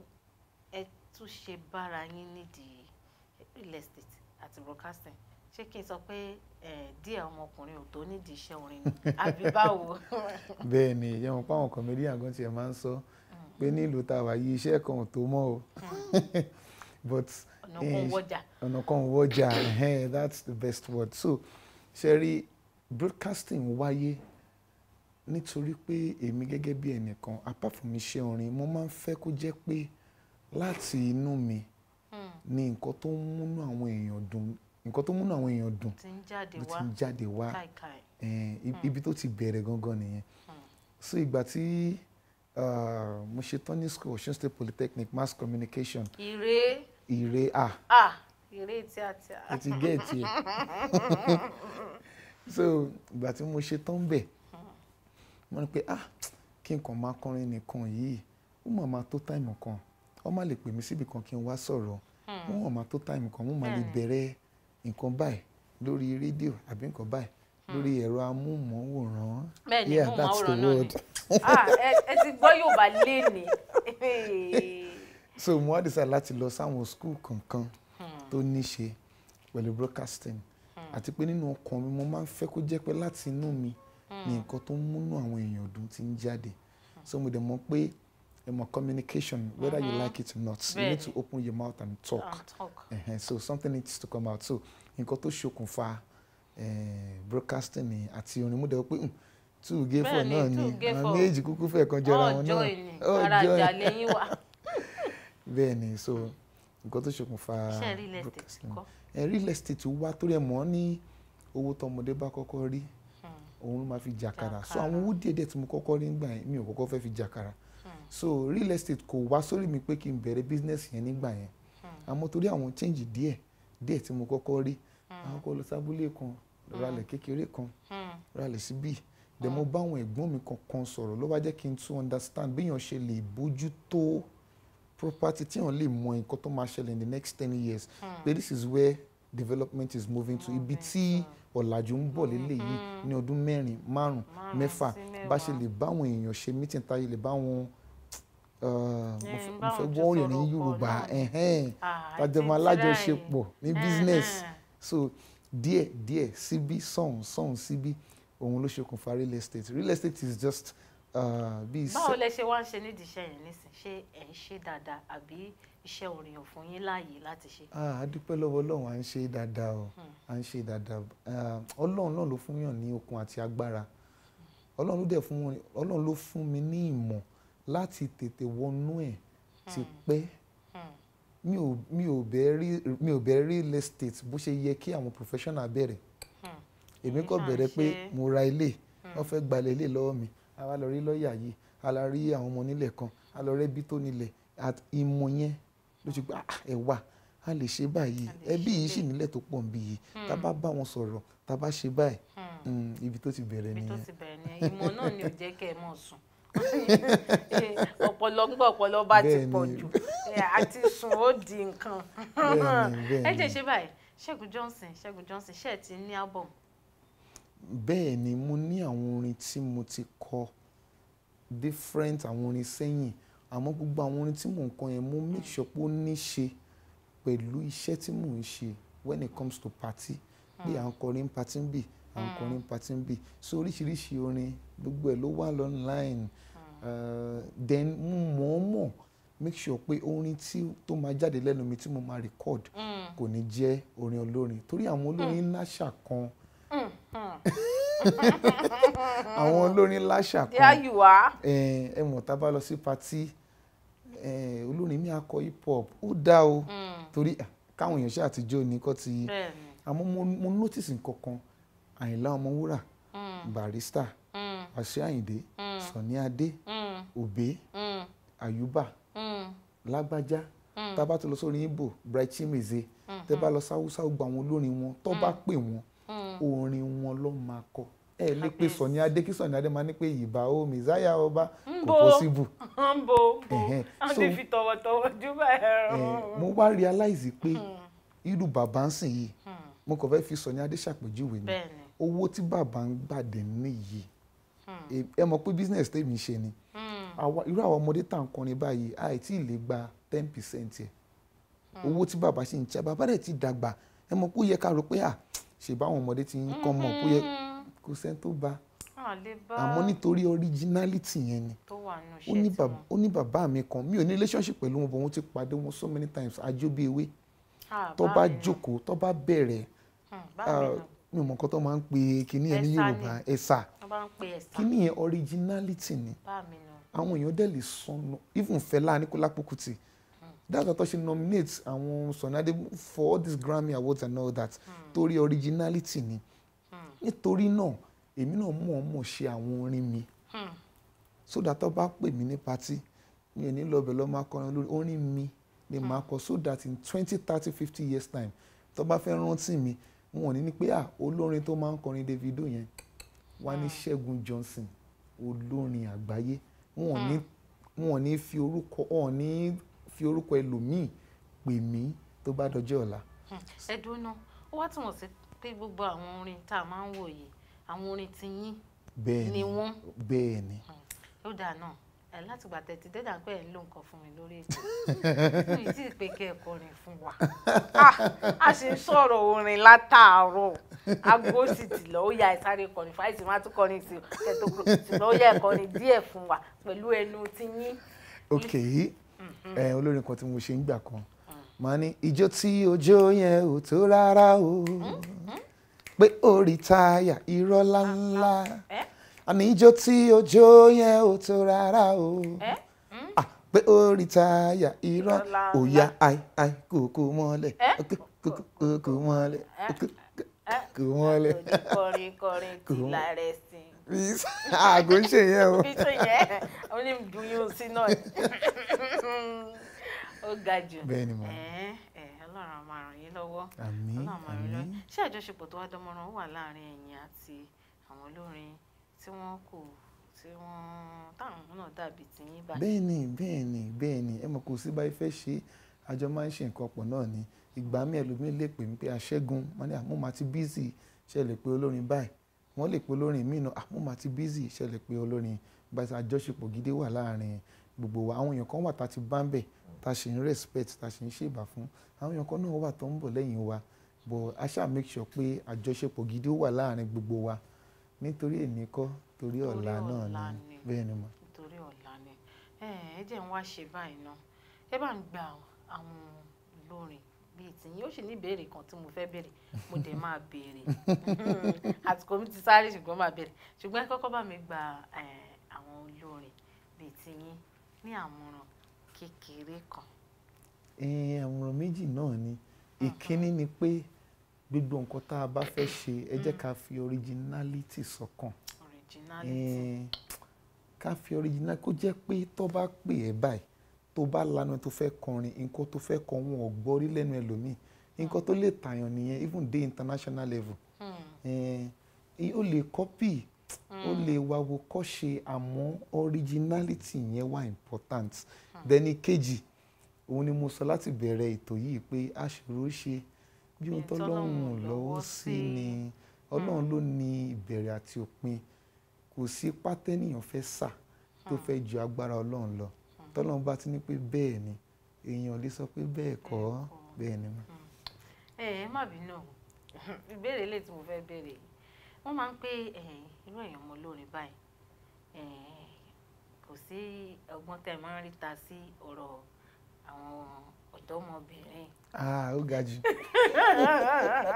ẹ tún ṣe bára yín nídìí real estate àti broadcasting? Ṣé kí n sọ pé díẹ̀ ọmọkùnrin ò tó nídìí iṣẹ́ orin ni? (laughs) Àbí báwo? (laughs) Bẹ́ẹ̀ ni, ìyẹn mo pa àwọn comedian gan tiẹ̀ máa ń sọ mm. pé ní ìlú tá a wà yí kan ò tó o. Mm. (laughs) But ọ̀nà kan wọ́jà. Eh, ọ̀nà kan wọ́jà eh, that's the best word. So ṣe broadcasting wáyé nítorí pé èmi gẹ́gẹ́ bí ẹnìkan apart from iṣẹ́ orin mo máa ń fẹ́ kó jẹ́ pé láti inú mi ni nǹkan tó ń múnú àwọn èèyàn dùn nǹkan tó ń múnú àwọn èèyàn dùn ló ti ń jáde wá hmm. ibi tó ti bẹ̀rẹ̀ gangan nìyẹn hmm. so ìgbà tí mo ṣe tán school Ọ̀ṣun State Polytechnic mass communication. ire ire ah. ah ire tí a ti a. o ti gé ètí (laughs) so ìgbà tí mo ṣe tán bẹ̀ mo ní pé ah kí n kàn máa kọrin nìkan yìí ó mọ̀ máa tó táìmù kan wọ́n má lè pè mí síbi kan kí n wá sọ̀rọ̀ hmm. wọ́n mọ̀ máa tó táìmù kan wọ́n má lè hmm. bẹ̀rẹ̀ nǹkan báyìí lórí rédíò àbí nǹkan báyìí hmm. lórí ẹ̀rọ amóhùnmáwòrán bẹ́ẹ̀ ni amóhùnmáwòrán náà ni ah ẹ ti gbọ́ Yorùbá lé ní. (laughs) so mo wá decide láti lọ sáwọn skul kankan tó ní ṣe pẹ̀lú broadcasting àti pé nínú ọkàn mi mo máa ń fẹ́ kó jẹ́ pé láti inú mi ni hmm. nǹkan tó ń múnú àwọn èèyàn dùn ti ń jáde hmm. so mo dẹ̀ mọ̀ pé ẹ communication whether mm -hmm. you like it or not Very. you need to open your mouth and talk, and ah, talk. Uh -huh. so something needs to come out so nǹkan tó ṣokùnfà broadcasting ni àti orin mo dẹ̀ wọ́n pé hmm, túùgé fọ̀ náà ni àwọn méjì kúkú fẹ́ kan jọra wọn náà ọjọ́ ìní ara ìjà lẹ́yìn wa. bẹ́ẹ̀ ni (laughs) so. Mm -hmm nǹkan tó ṣokùnfà broadcasting ẹ real estate wá torí ẹ mọ̀ ní owó tọmọdé bá kọ́kọ́ rí hmm. òun ló máa fi jàkàrà so àwọn owó díẹ̀ díẹ̀ tí mo kọ́kọ́ rí nígbà yẹn mi ò kọ́kọ́ fẹ́ fi jàkàrà hmm. so real estate kò wá sórí mi pé kí n bẹ̀rẹ̀ business yẹn nígbà yẹn hmm. àmọ́ torí àwọn change díẹ̀ díẹ̀ tí mo kọ́kọ́ rí àwọn kọ́ lọ sábúlé kan ralẹ̀ kékeré kan ralẹ̀ síbí dẹ̀ mo bá àwọn ẹ̀gbọ́n mi kankan sọ̀rọ̀ ló bá jẹ́ kí n tún understand bí èèyàn ṣe lè bójú tó property tí wọ́n lè mọ nǹkan tó máa ṣẹlẹ̀ in the next ten years pé hmm. this is where development is moving to ibi tí ọ̀làjú ń bọ̀ hmm. lélẹ̀ yìí hmm. ní ọdún mẹ́rin márùn mẹ́fà bá ṣe lè báwọn èèyàn ṣe meeting táyé lè báwọn uh, mo fẹ́ wọ́n rìn ní Yorùbá ah, tajọmọ alájọṣepọ̀ ní business so díẹ̀ díẹ̀ síbí sọ̀hún sọ̀hún síbí òun ló ṣokùnfà real estate real estate is just Ah, bíi. báwo lẹ ṣe wá ń ṣe nídìí iṣẹ́ yẹn nísìn ṣé ẹ ń ṣe dáadáa àbí iṣẹ́ orin ọ̀fun yín láàyè láti ṣe. Ah, a dúpẹ́ lọ́wọ́ ọlọ́run à ń ṣe dáadáa o à hmm. ń ṣe dáadáa ah, ọlọ́run náà ló fún yàn ní okun àti agbára ọlọ́run ló dẹ̀ fún wọn ọlọ́run ló fún mi ní ìmọ̀ láti tètè wọnú ẹ̀ hmm. ti pẹ́ hmm. mi ò bẹ̀ẹ́ rí real estate bó ṣe yẹ kí àwọn professional bẹ̀rẹ̀ èmi kò bẹ̀rẹ̀ pé mo ra ilé wọ́n fẹ́ gbalẹ̀ ilé lọ́wọ́ mi. Hmm àwa lọ rí lọ́ọ̀yà yìí a lọ rí àwọn ọmọ onílẹ̀ kan a lọ rẹ́bí tó nílẹ̀ ìmọ̀ yẹn ló ti gbà ah, ẹ̀ wà a lè ṣe báyìí ẹbí yìí sì nílẹ̀ tó pọ̀ nbí yìí tá a hmm. bá bá wọn sọ̀rọ̀ tá a bá ṣe báyìí hmm. Hmm, ibi tó ti bẹ̀rẹ̀ nìyẹn. ìmọ̀ náà ni ò jẹ́ kẹ́ ẹ mọ̀ sùn ọpọlọ ńgbọ ọpọlọ bá ti pọ̀ jù àti sùn ó di nǹkan (laughs) ẹ jẹ́ ṣe báyìí Ṣẹ́gun Johnson Ṣẹ́gun Johnson ṣe é ti ní album Bẹ́ẹ̀ ni, mo ní àwọn orin tí mo ti kọ different àwọn orin sẹ́yìn, àmọ́ gbogbo àwọn orin tí mò ń kọ yẹn mo make sure pé ó ní ṣe pẹ̀lú iṣẹ́ tí mò ń ṣe when it comes to party. Bí à ń kọ orin party ń bì, à ń kọ orin party ń bì. So oríṣiríṣi orin gbogbo ẹ̀ ló wà online. Hmm. Eh, then mo mọ̀ọ́mọ̀ make sure pé orin tí tó máa jáde lẹ́nu mi tí mo máa record hmm. kò ní jẹ́ orin olórin torí àwọn olórin hmm. ńlá ṣà kan. (laughs) àwọn olórin láṣà kan eh, ẹ mọ̀ tá a bá lọ sí patí eh, olórin mi akọ hip hop ó dá o hmm. torí káwọn èèyàn ṣe àtijọ́ ní kò ti àmọ́ mo notice nǹkan kan àyìnlá ọmọwúrà hmm. barista hmm. àṣẹ àyìndé sọ̀ní adé òbé àyùbá lágbájá tá a bá tó lọ sórí ibo bright chimezie tẹ́ bá lọ sáwúsá gbogbo àwọn olórin wọn tó bá pè wọn orin wọn ló máa kọ ẹ lè pe Sọ̀ni Adé kí Sọ̀ni Adé máa ní pé ìbà o mizaya ọba kò pọ́síbù. ń bo ń (laughs) ti fi tọ̀wọ̀tọ̀wọ̀ júbà ẹ̀rọ. mo wá realize pé hmm. irú bàbá ń sìn yìí hmm. mo kàn fẹ́ fi Sọ̀ni Adé ṣàpèjúwe ni owó tí bàbá ń gbàdé níyì hmm. ẹ mọ̀ pé business tèmi ń ṣe ni irú àwọn ọmọdé tá à ń kọrin báyìí àìtí lè gba ten percent yẹ owó tí bàbá ṣì ń jẹ bàbá rẹ̀ ti dàgbà ẹ mọ̀ pé ó yẹ ká rò pé à ṣe báwọn ọmọdé ti ń kọ́ mọ̀ bóyá mm-hmm. kò sẹ́ni tó bá àmọ́ nítorí originality yẹn ni ó ní bàbá mi kan mi ò ní relationship pẹ̀lú wọn bọ̀ wọ́n ti pàdé wọn so many times ajó bí ewé ah, tó bá jókòó tó bá bẹ̀rẹ̀ hmm, ah, mi ò mọ nǹkan tó máa ń pe kíní yẹn ní Yorùbá ẹ̀sà kíní yẹn originality ni àwọn èèyàn dẹ̀ lè sọnù even Fẹlá Aníkúlápó Kútì that's why she nominate àwọn Sunny Adé for all these Grammy awards and all that hmm. torí originality ni hmm. nítorí náà èmi náà mọ̀ ọ́n mọ̀ ṣe àwọn orin mi hmm. so that tó bá pè mí ní patí mi ò ní lọ bẹ̀ lọ́ máa kọrin orin mi ni màá kọ so that in twenty thirty fifty years time tó bá fẹ́ rántí mi wọn ò ní ní pé à olórin tó máa ń kọrin Davido yẹn wá ní Ṣẹ́gun Johnson olórin àgbáyé wọn ò ní fi orúkọ wọn ò ní fi orúkọ ẹlòmíì pè mí tó bá dọjọ́ ọ̀la. Hmm, ẹ dúró náà ó wá túmọ̀ sí pé gbogbo àwọn orin tá a máa ń wò yìí àwọn orin ti yín ni wọ́n. bẹ́ẹ̀ ni. Hmm, ó dáa náà ẹ láti gbà tẹ̀tí dẹ́dà pé ẹ̀ ń lo nǹkan fún mi lórí ètò fún (laughs) ìtì pé kẹ́ ẹ kọrin fún wa ah, a ṣe ń sọ̀rọ̀ orin látàárọ̀ aago sì ti lọ ó ya ìsáré kọrin fáìsì má tún kọrin sí kẹtọkùrọ sì lọ ó ya ìkọrin díẹ̀ fún wa pẹ̀lú ẹnu tí yín. okay Mm-hmm. Eh, olórin kan tí mo ṣe ń gbà kan màá ní ìjó tí ojó yẹn ò tó rárá o mm-hmm. pé orí táyà irọ́ ńláńlá àní eh? ìjó tí ojó yẹn ò tó rárá o eh? mm. pé orí táyà irọ́ òyà àì àì kòkó mọ́lẹ̀ kòkó mọ́lẹ̀ kòkó mọ́lẹ̀ kòkó (laughs) mọ́lẹ̀ please (laughs) Ah, ń ṣe yẹn o. ṣe yẹn ó ní dùnyún sí náà ó ga jù. bẹ́ẹ̀ ni mo. ọlọ́run máa ràn yín lọ́wọ́ ọlọ́run máa ràn yín lọ́wọ́ ṣé àjọṣepọ̀ tó wá dánmọ́ràn wà láàrin ẹ̀yin àti àwọn olórin tí wọ́n kò tí wọ́n táwọn náà dàbí tiyín báyìí. bẹ́ẹ̀ ni bẹ́ẹ̀ ni bẹ́ẹ̀ ni ẹ mọ̀ kò sí báyìí fẹ́ ṣe àjọ máa ń ṣe nǹkan pọ̀ náà ni ìgbà mi ẹlòmíì lè pè mí pé aṣẹ́gun mo máa ti bízì ṣe lè pe wọ́n lè pe olórin míì náà àmọ́ màá ti bízì ìṣẹ̀lẹ̀ pé olórin báyìí àjọṣepọ̀ gidi wà láàrin gbogbo wa àwọn èèyàn kan wà tá a ti bá ń bẹ̀ tá a ṣe ń respect tá a ṣe ń ṣèbà fún àwọn èèyàn kan náà wà tó ń bọ̀ lẹ́yìn wa but a ṣáà make sure pé àjọṣepọ̀ gidi wà láàrin gbogbo wa nítorí èmi kọ́ torí ọ̀la náà ni bẹ́ẹ̀ ni mo. torí ọ̀la ni ẹ ẹ jẹ́ ń wá ṣe báyìí náà ẹ bá ń gba àwọn olórin bíi tìyín ó sì ní ìbéèrè kan tí mo fẹ́ béèrè mo dẹ̀ máa béèrè (laughs) àsìkò mi ti sáré ṣùgbọ́n máa béèrè ṣùgbọ́n kọ́kọ́ bá mi gba àwọn olórin bíi tìyín ní àmọ̀ràn kékeré kan. àmọ̀ràn méjì náà ni mm-hmm. ìkíní ni pé gbogbo nǹkan tá a bá fẹ́ ṣe ẹ jẹ́ mm-hmm. ká fi originality sọ́kàn originality ká fi originality kó jẹ́ pé tó bá pè é báyìí tó bá lanu ẹ tó fẹ́ kọrin nǹkan tó fẹ́ kọ wọn ò gbọ́rí lẹ́nu ẹlòmíì nǹkan tó lè tàyàn nìyẹn even dé international level hmm. ó lè kọ́pì ó hmm. lè wá wo kọ́ ṣe àmọ́ originality yẹn wà important hmm. then ìkejì òun ni mo sọ láti bẹ̀rẹ̀ ètò yìí pé aṣòro ṣe bí ohun tọ́lọ́run lọ́wọ́ sí ni ọlọ́run ló ní ìbẹ̀rẹ̀ àti òpin kò sí pátẹ́nìyàn fẹ́ sà tó fẹ́ ju agbára ọlọ́run lọ tọ́lọ́run bá ti ní pé bẹ́ẹ̀ ni èèyàn lè sọ pé bẹ́ẹ̀ kọ́ bẹ́ẹ̀ ni. Hmm. ẹ ẹ má bínú (laughs) ìbéèrè lè tí mo fẹ́ béèrè wọ́n máa ń pé irú èèyàn ọmọ lóore báyìí kò sí ọgbọ́n tẹ́ ẹ máa ń rí ta sí ọ̀rọ̀ àwọn ọ̀dọ́mọbìnrin. ah ó ga jù.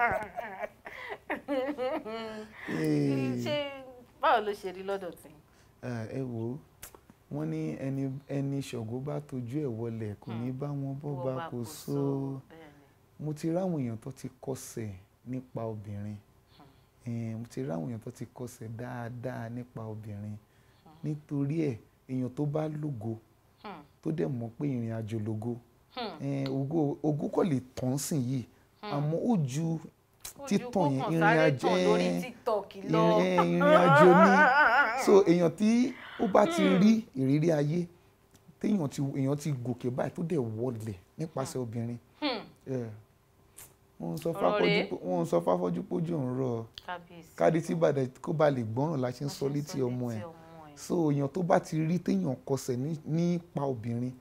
(laughs) ṣé báwo ló ṣe rí lọ́dọ̀ tí. ẹ wo wọ́n ní ẹni ẹni ṣògo bá tojú ẹ̀ wọlẹ̀ kò ní hmm. bá wọn bọ́ bá kò so mo ti ráwọn èèyàn tó ti kọsẹ̀ nípa obìnrin hmm. mo ti ráwọn èèyàn tó ti kọsẹ̀ dáadáa nípa obìnrin hmm. nítorí ẹ̀ èèyàn tó bá lògo tó dẹ̀ mọ̀ pé ìrìn àjò lògo ògo kò lè tán sìn yìí àmọ́ ó ju títàn yẹn ìrìn àjò ní (laughs) so èèyàn tí ó bá ti hmm. rí ìrírí ayé téèyàn ti èèyàn ti gòkè báyìí tó dẹ̀ wọlẹ̀ nípasẹ̀ hmm. obìnrin hmm. wọ́n ń sọ fáfọ́jú pójú ń rọ káàdì tí bàdà kó ba lè gbọ́ràn la ṣe ń sọ létí ọmọ ẹ̀ so èèyàn tó bá ti rí téèyàn kọsẹ̀ nípa obìnrin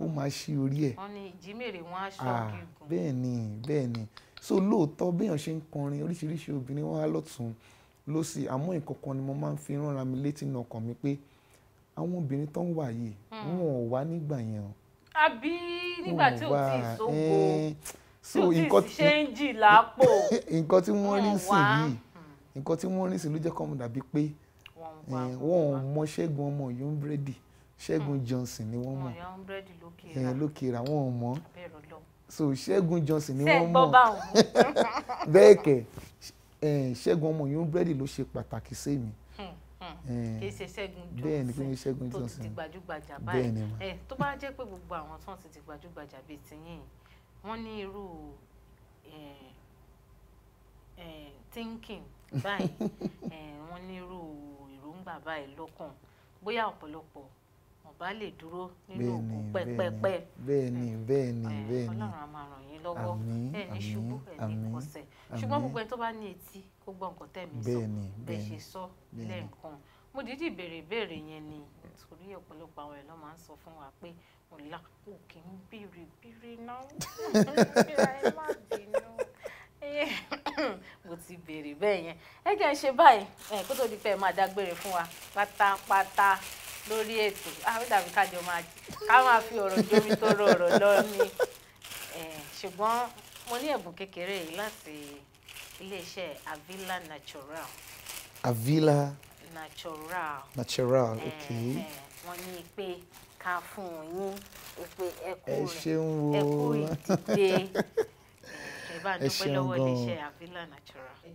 ó máa ṣí orí ẹ̀. wọ́n ní ìjímèrè wọn á ṣọ́ gígùn. bẹ́ẹ̀ ni bẹ́ẹ̀ ni so lóòótọ́ béèyàn ṣe ń kọrin oríṣiríṣi obìnrin wọn á lọ́tún lọ́sì àmọ́ ìkọ̀kan ni mo máa ń fi ránra mi létí nà ọkàn mi pé àwọn obìnrin tó ń wà yìí hmm. wọn ò wá nígbà yẹn o. àbí nígbà tí ò tí ì sóko tí ò tí ì ṣe ń jì lápò. (laughs) nǹkan tí wọ́n rí sí yìí nǹkan tí wọ́n rí sí ló jẹ́ kọ́ mu dàbí pé wọ́n ò mọ ṣẹ́gun ọmọ yóò ń búrẹ́dì ṣẹ́gun hmm. johnson ni wọ́n mọ̀ ẹ̀yìn lókèrà wọn ò mọ̀ so ṣẹ́gun johnson ni wọ́n mọ̀ (laughs) bẹ́ẹ̀ kẹ̀ ṣẹ́gun ọmọ yóò ń búrẹ́dì ló ṣe pàtàkì sí mi. Eh, kì í ṣe Ṣẹ́gun Johnson bẹ́ẹ̀ ni kì í ṣe Ṣẹ́gun Johnson tó ti di gbajúgbajà báyìí ẹ eh, tó bá jẹ́ pé gbogbo àwọn tó ti di gbajúgbajà bíi tiyín wọ́n ní irú eh, thinking báyìí (laughs) wọ́n ní irú èròǹgbà báyìí lọ́kàn bóyá ọ̀pọ̀lọpọ̀ wọn bá lè dúró nínú òkú pẹpẹpẹ bẹ́ẹ̀ni bẹ́ẹ̀ni bẹ́ẹ̀ni Ọlọ́run a máa ràn yín lọ́wọ́ ẹni ṣubú ẹni kọsẹ̀ ṣùgbọ́n gbogbo ẹni tó bá ní etí kó gbọ́ nǹkan tẹ̀mí sọ bẹ́ẹ̀ ṣe sọ lẹ́ẹ̀kan mo dídì béèrè béèrè yẹn ni torí ọ̀pọ̀lọpọ̀ àwọn èèyàn máa ń sọ fún wa pé ọ̀la kò kí ń béèrè béèrè náà ẹ (laughs) má bínú mo ti béèrè bẹ́ẹ̀ yẹn ẹ jẹ́ ń ṣe báyìí kó tó di pé ẹ máa dágbére fún wa pátápátá lórí ètò àbídàbí ah, kájọ máa ká máa fi ọ̀rọ̀ jómi tó rọrọ̀ lọ ni ṣùgbọ́n mo ní ẹ̀bùn kékeré yìí láti iléeṣẹ́ Avila Natural. Avila Natural. Natural ok. wọ́n ní pé ká fún yín pé ẹ kú rẹ̀ ẹ kú ìdíje ẹ ṣeun gan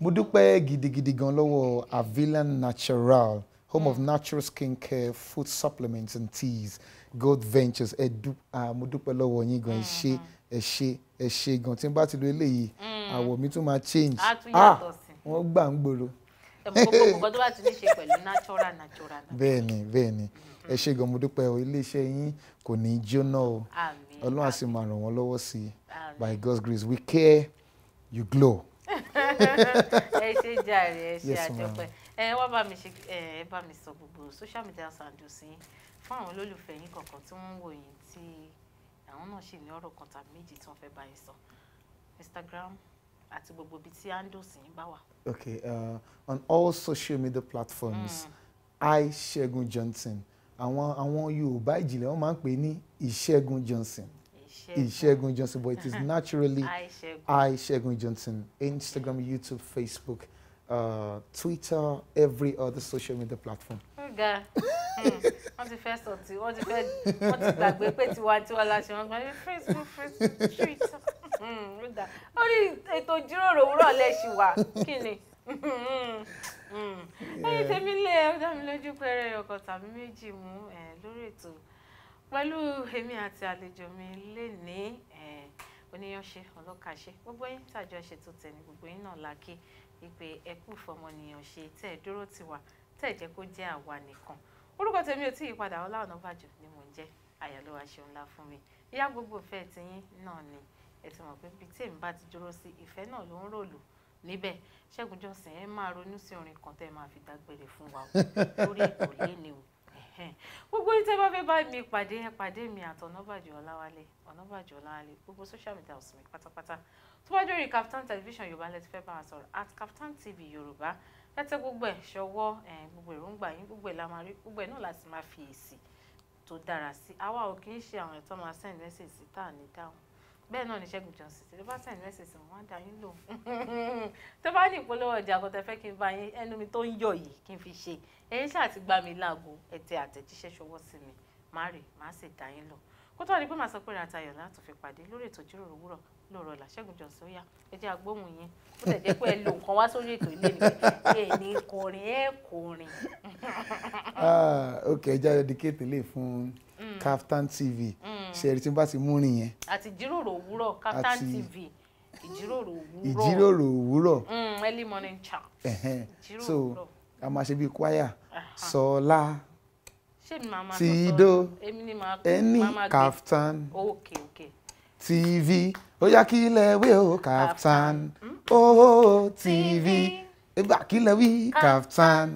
mo dúpẹ́ gidigidi gan lọ́wọ́ Avila Natural home mm. of hmm. natural skincare, food supplements and teas, Gold Ventures. Ẹ dú mo dúpẹ́ lọ́wọ́ yín gan ẹ ṣé hmm, hmm. ẹ ṣé ẹ ṣé gan tí n bá ti lo eléyìí àwọ̀ mi tún máa change. Ah, tún yàtọ̀ sí. Wọ́n gbà ń gbòòrò. Ẹ̀mọ̀gbọ́n tó bá ti ní ṣe pẹ̀lú natural natural. Bẹ́ẹ̀ni bẹ́ẹ̀ni ẹ ṣé gan mo dúpẹ́ o iléeṣẹ́ yín kò ní í jóná o. Ọlọ́run á sì máa ràn wọ́n lọ́wọ́ sí by God's grace we care you glow. (laughs) Ẹ ṣé jàre ẹ ṣé àjọpẹ́ ẹ wá bá mi ṣe ẹ bá mi sọ gbogbo social media handles fún àwọn olólùfẹ́ yín kọ̀ọ̀kan tí wọ́n ń wò yín tí àwọn náà ṣì ní ọ̀rọ̀ kan tàbí méjì tí wọ́n fẹ́ bá yín sọ Instagram àti gbogbo ibi tí handles yín bá wà. okay uh, on all social media platforms mm. i Ṣẹ́gun Johnson àwọn àwọn Yorùbá ìjìnlẹ̀ wọ́n máa ń pè ní Ìṣẹ́gun Johnson. Ishegun Johnson, but it is (laughs) naturally I Shegun Johnson. Instagram, mm. YouTube, Facebook uh, Twitter, every other social media platform. Ọ̀gá (laughs) hmm, wọ́n ti fẹ́ sọ̀tì wọ́n ti fẹ́ wọ́n ti gbàgbé pé tiwantiwa la ṣe Facebook Facebook Twitter (laughs) hmm, ó ní ètò ìjíròrò òwúrọ̀ lẹ́sìn wa kí ni (laughs) hmm, ẹyin tèmi lé ẹ dá mi lójú pẹ́rẹ́ ọkọ̀ tàbí méjì mú lórí ètò pẹ̀lú èmi àti àlejò mi lénìí oníyanṣe ọlọ́kàṣe gbogbo yín tàjọ ṣètò tẹ̀ ní gbogbo yín náà lákè ìpè ẹkú fọmọnìyàn ṣe tẹ́ ẹ dúró tì wá tẹ́ ẹ jẹ́ kó jẹ́ àwa nìkan orúkọ tèmi ò tí ì padà Ọlá Ọ̀nàbàjọ ni mò ń jẹ́ àyàlówà ṣeun ńlá fún mi ìyá gbogbo ìfẹ́ tiyín náà ni ẹ ti mọ̀ pé bí tèmi bá ti dúró sí ìfẹ́ náà ló ń ròlù níbẹ̀ ṣẹ́gun jọ̀sìn ẹ máa ronú sí orin kan tẹ́ ẹ máa fi dágbére fún wa lórí ètò lẹ́ni o gbogbo yìí tẹ́ bá fẹ́ bá mi pàdé ẹ pàdé mi àti Ọ̀nàbàjọ Ọláwálé Ọ̀nàbàjọ Ọláwálé gbogbo social media ọ̀sìn mi pátápátá tó bá dórí captain television Yorùbá lẹ́tí fẹ́ bá wa sọ̀rọ̀ at captain TV Yorùbá lẹ́tẹ̀ gbogbo ẹ̀ ṣọwọ́ gbogbo èròǹgbà yín gbogbo ẹ̀ la máa rí gbogbo ẹ̀ náà láti máa fi èsì tó dára sí àwa ò kì í ṣe àwọn ẹ̀tọ́ máa send message sí tá à ní dáhùn bẹ́ẹ̀ náà ni Ṣẹ́gun Johnson tí ló bá sẹ́yìn lẹ́sẹ̀sẹ̀ wọ́n á dá yín lò (laughs) tó bá ní ìpolówó ọjà kan tẹ fẹ́ kí n bá yín ẹnu mi tó ń yọ̀ yìí kí n fi ṣe ẹ̀yin ṣáà ti gbá mi láago ẹ̀tẹ̀ àtẹ̀jíṣẹ́ ṣọwọ́ sí mi má rè má sì dá yín lò kó tó di pé màá sọ pé ìrìn àtayọ̀ láti fi pàdé lórí ètò ìjíròrò òwúrọ̀ lóòrọ̀ là Ṣẹ́gun Johnson yá ẹ agbóhùn yín ó tẹ̀ jẹ́ pé ẹ (laughs) Mm. Kaftan TV mm. ṣẹ̀rí tí n bá ti mú rìn yẹn. àti ìjíròrò òwúrọ̀ Kaftan TV ìjíròrò òwúrọ̀ ìjíròrò òwúrọ̀ mm, early morning chat ìjíròrò òwúrọ̀ a máa ṣe bíi kwaya sọlá tìdó ẹni Kaftan TV ó yá kí lẹ wí o Kaftan ooo TV ìgbà kí lẹ wí Kaftan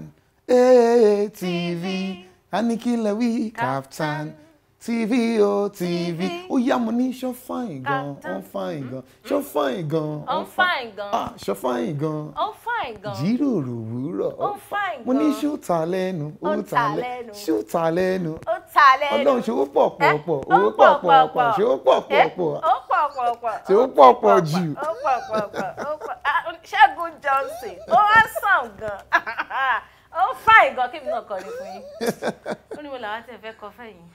ee TV. TV anikilẹ wí Kaftan TV o TV ó yá mo ní ṣọ́ fáìn gan ọ́n fáìn gan ṣọ́ fáìn gan ọ́n fáìn gan ah, ṣọ́ fáìn gan ọ́n fáìn gan jíròrò òwúrọ̀ ọ́n fáìn gan mo ní ṣó ta lẹ́nu ó ta lẹ́nu ṣó ta lẹ́nu ó ta lẹ́nu ọlọ́run ṣó pọ̀ pọ̀ pọ̀ ó pọ̀ pọ̀ pọ̀ ṣó pọ̀ pọ̀ pọ̀ ó pọ̀ pọ̀ pọ̀ ṣó pọ̀ pọ̀ jù ó pọ̀ pọ̀ pọ̀ ah, Ṣẹ́gun Johnson ó wá sàn gan. (laughs) ó fà ìgàn kí mi náà kọrin fún yín ó ní mo làwọn àti ẹ̀fẹ́ kọ fẹ́ yìí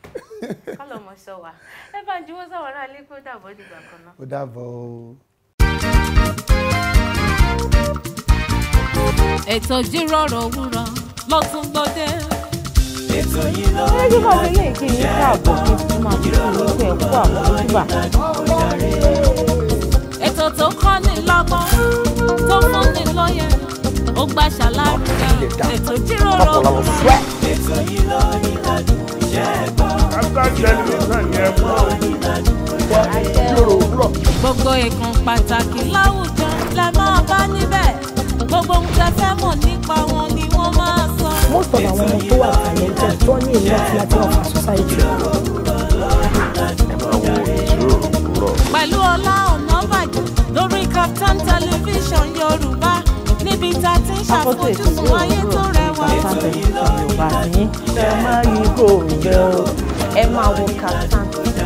kọ́lọ̀ mọ̀ sọ wà ẹ bá ń juwọ́ sọ̀rọ̀ rà lé pé ó dàbọ̀ dìgbà kan náà. ó dàbọ̀ o. ètò ìjíròrò òwúrọ̀ ló tún gbọ́dẹ́. ètò yìí ló ń yí lọ ilé ìkí ní káàbọ̀ kí n máa fi ìlú ẹ̀ kú àbójúbà. tó kọ́ lọ́gbọ́n tó fún ni lóye ó gbà ṣàlàyé ètò jíròrò ètò yìí ló ní dájú ṣe é gbọ́ gbogbo ìkan pàtàkì láwùjọ la máa bá níbẹ̀ gbogbo ohun tá fẹ́ mọ̀ nípa wọn ni wọ́n máa sọ. most of àwọn ọmọ tó wà talented tó ní ìlú àti láti ọ̀fà society. pẹ̀lú Ọlá Ọ̀nàbàjọ lórí Kaftan television Yorùbá níbi tá a ti ń ṣàfojúsùn ayé tó rẹwà. ètò yìí lọ rí bá yín ẹ máa yí kò ń bẹ o ẹ máa wo kàtàkì.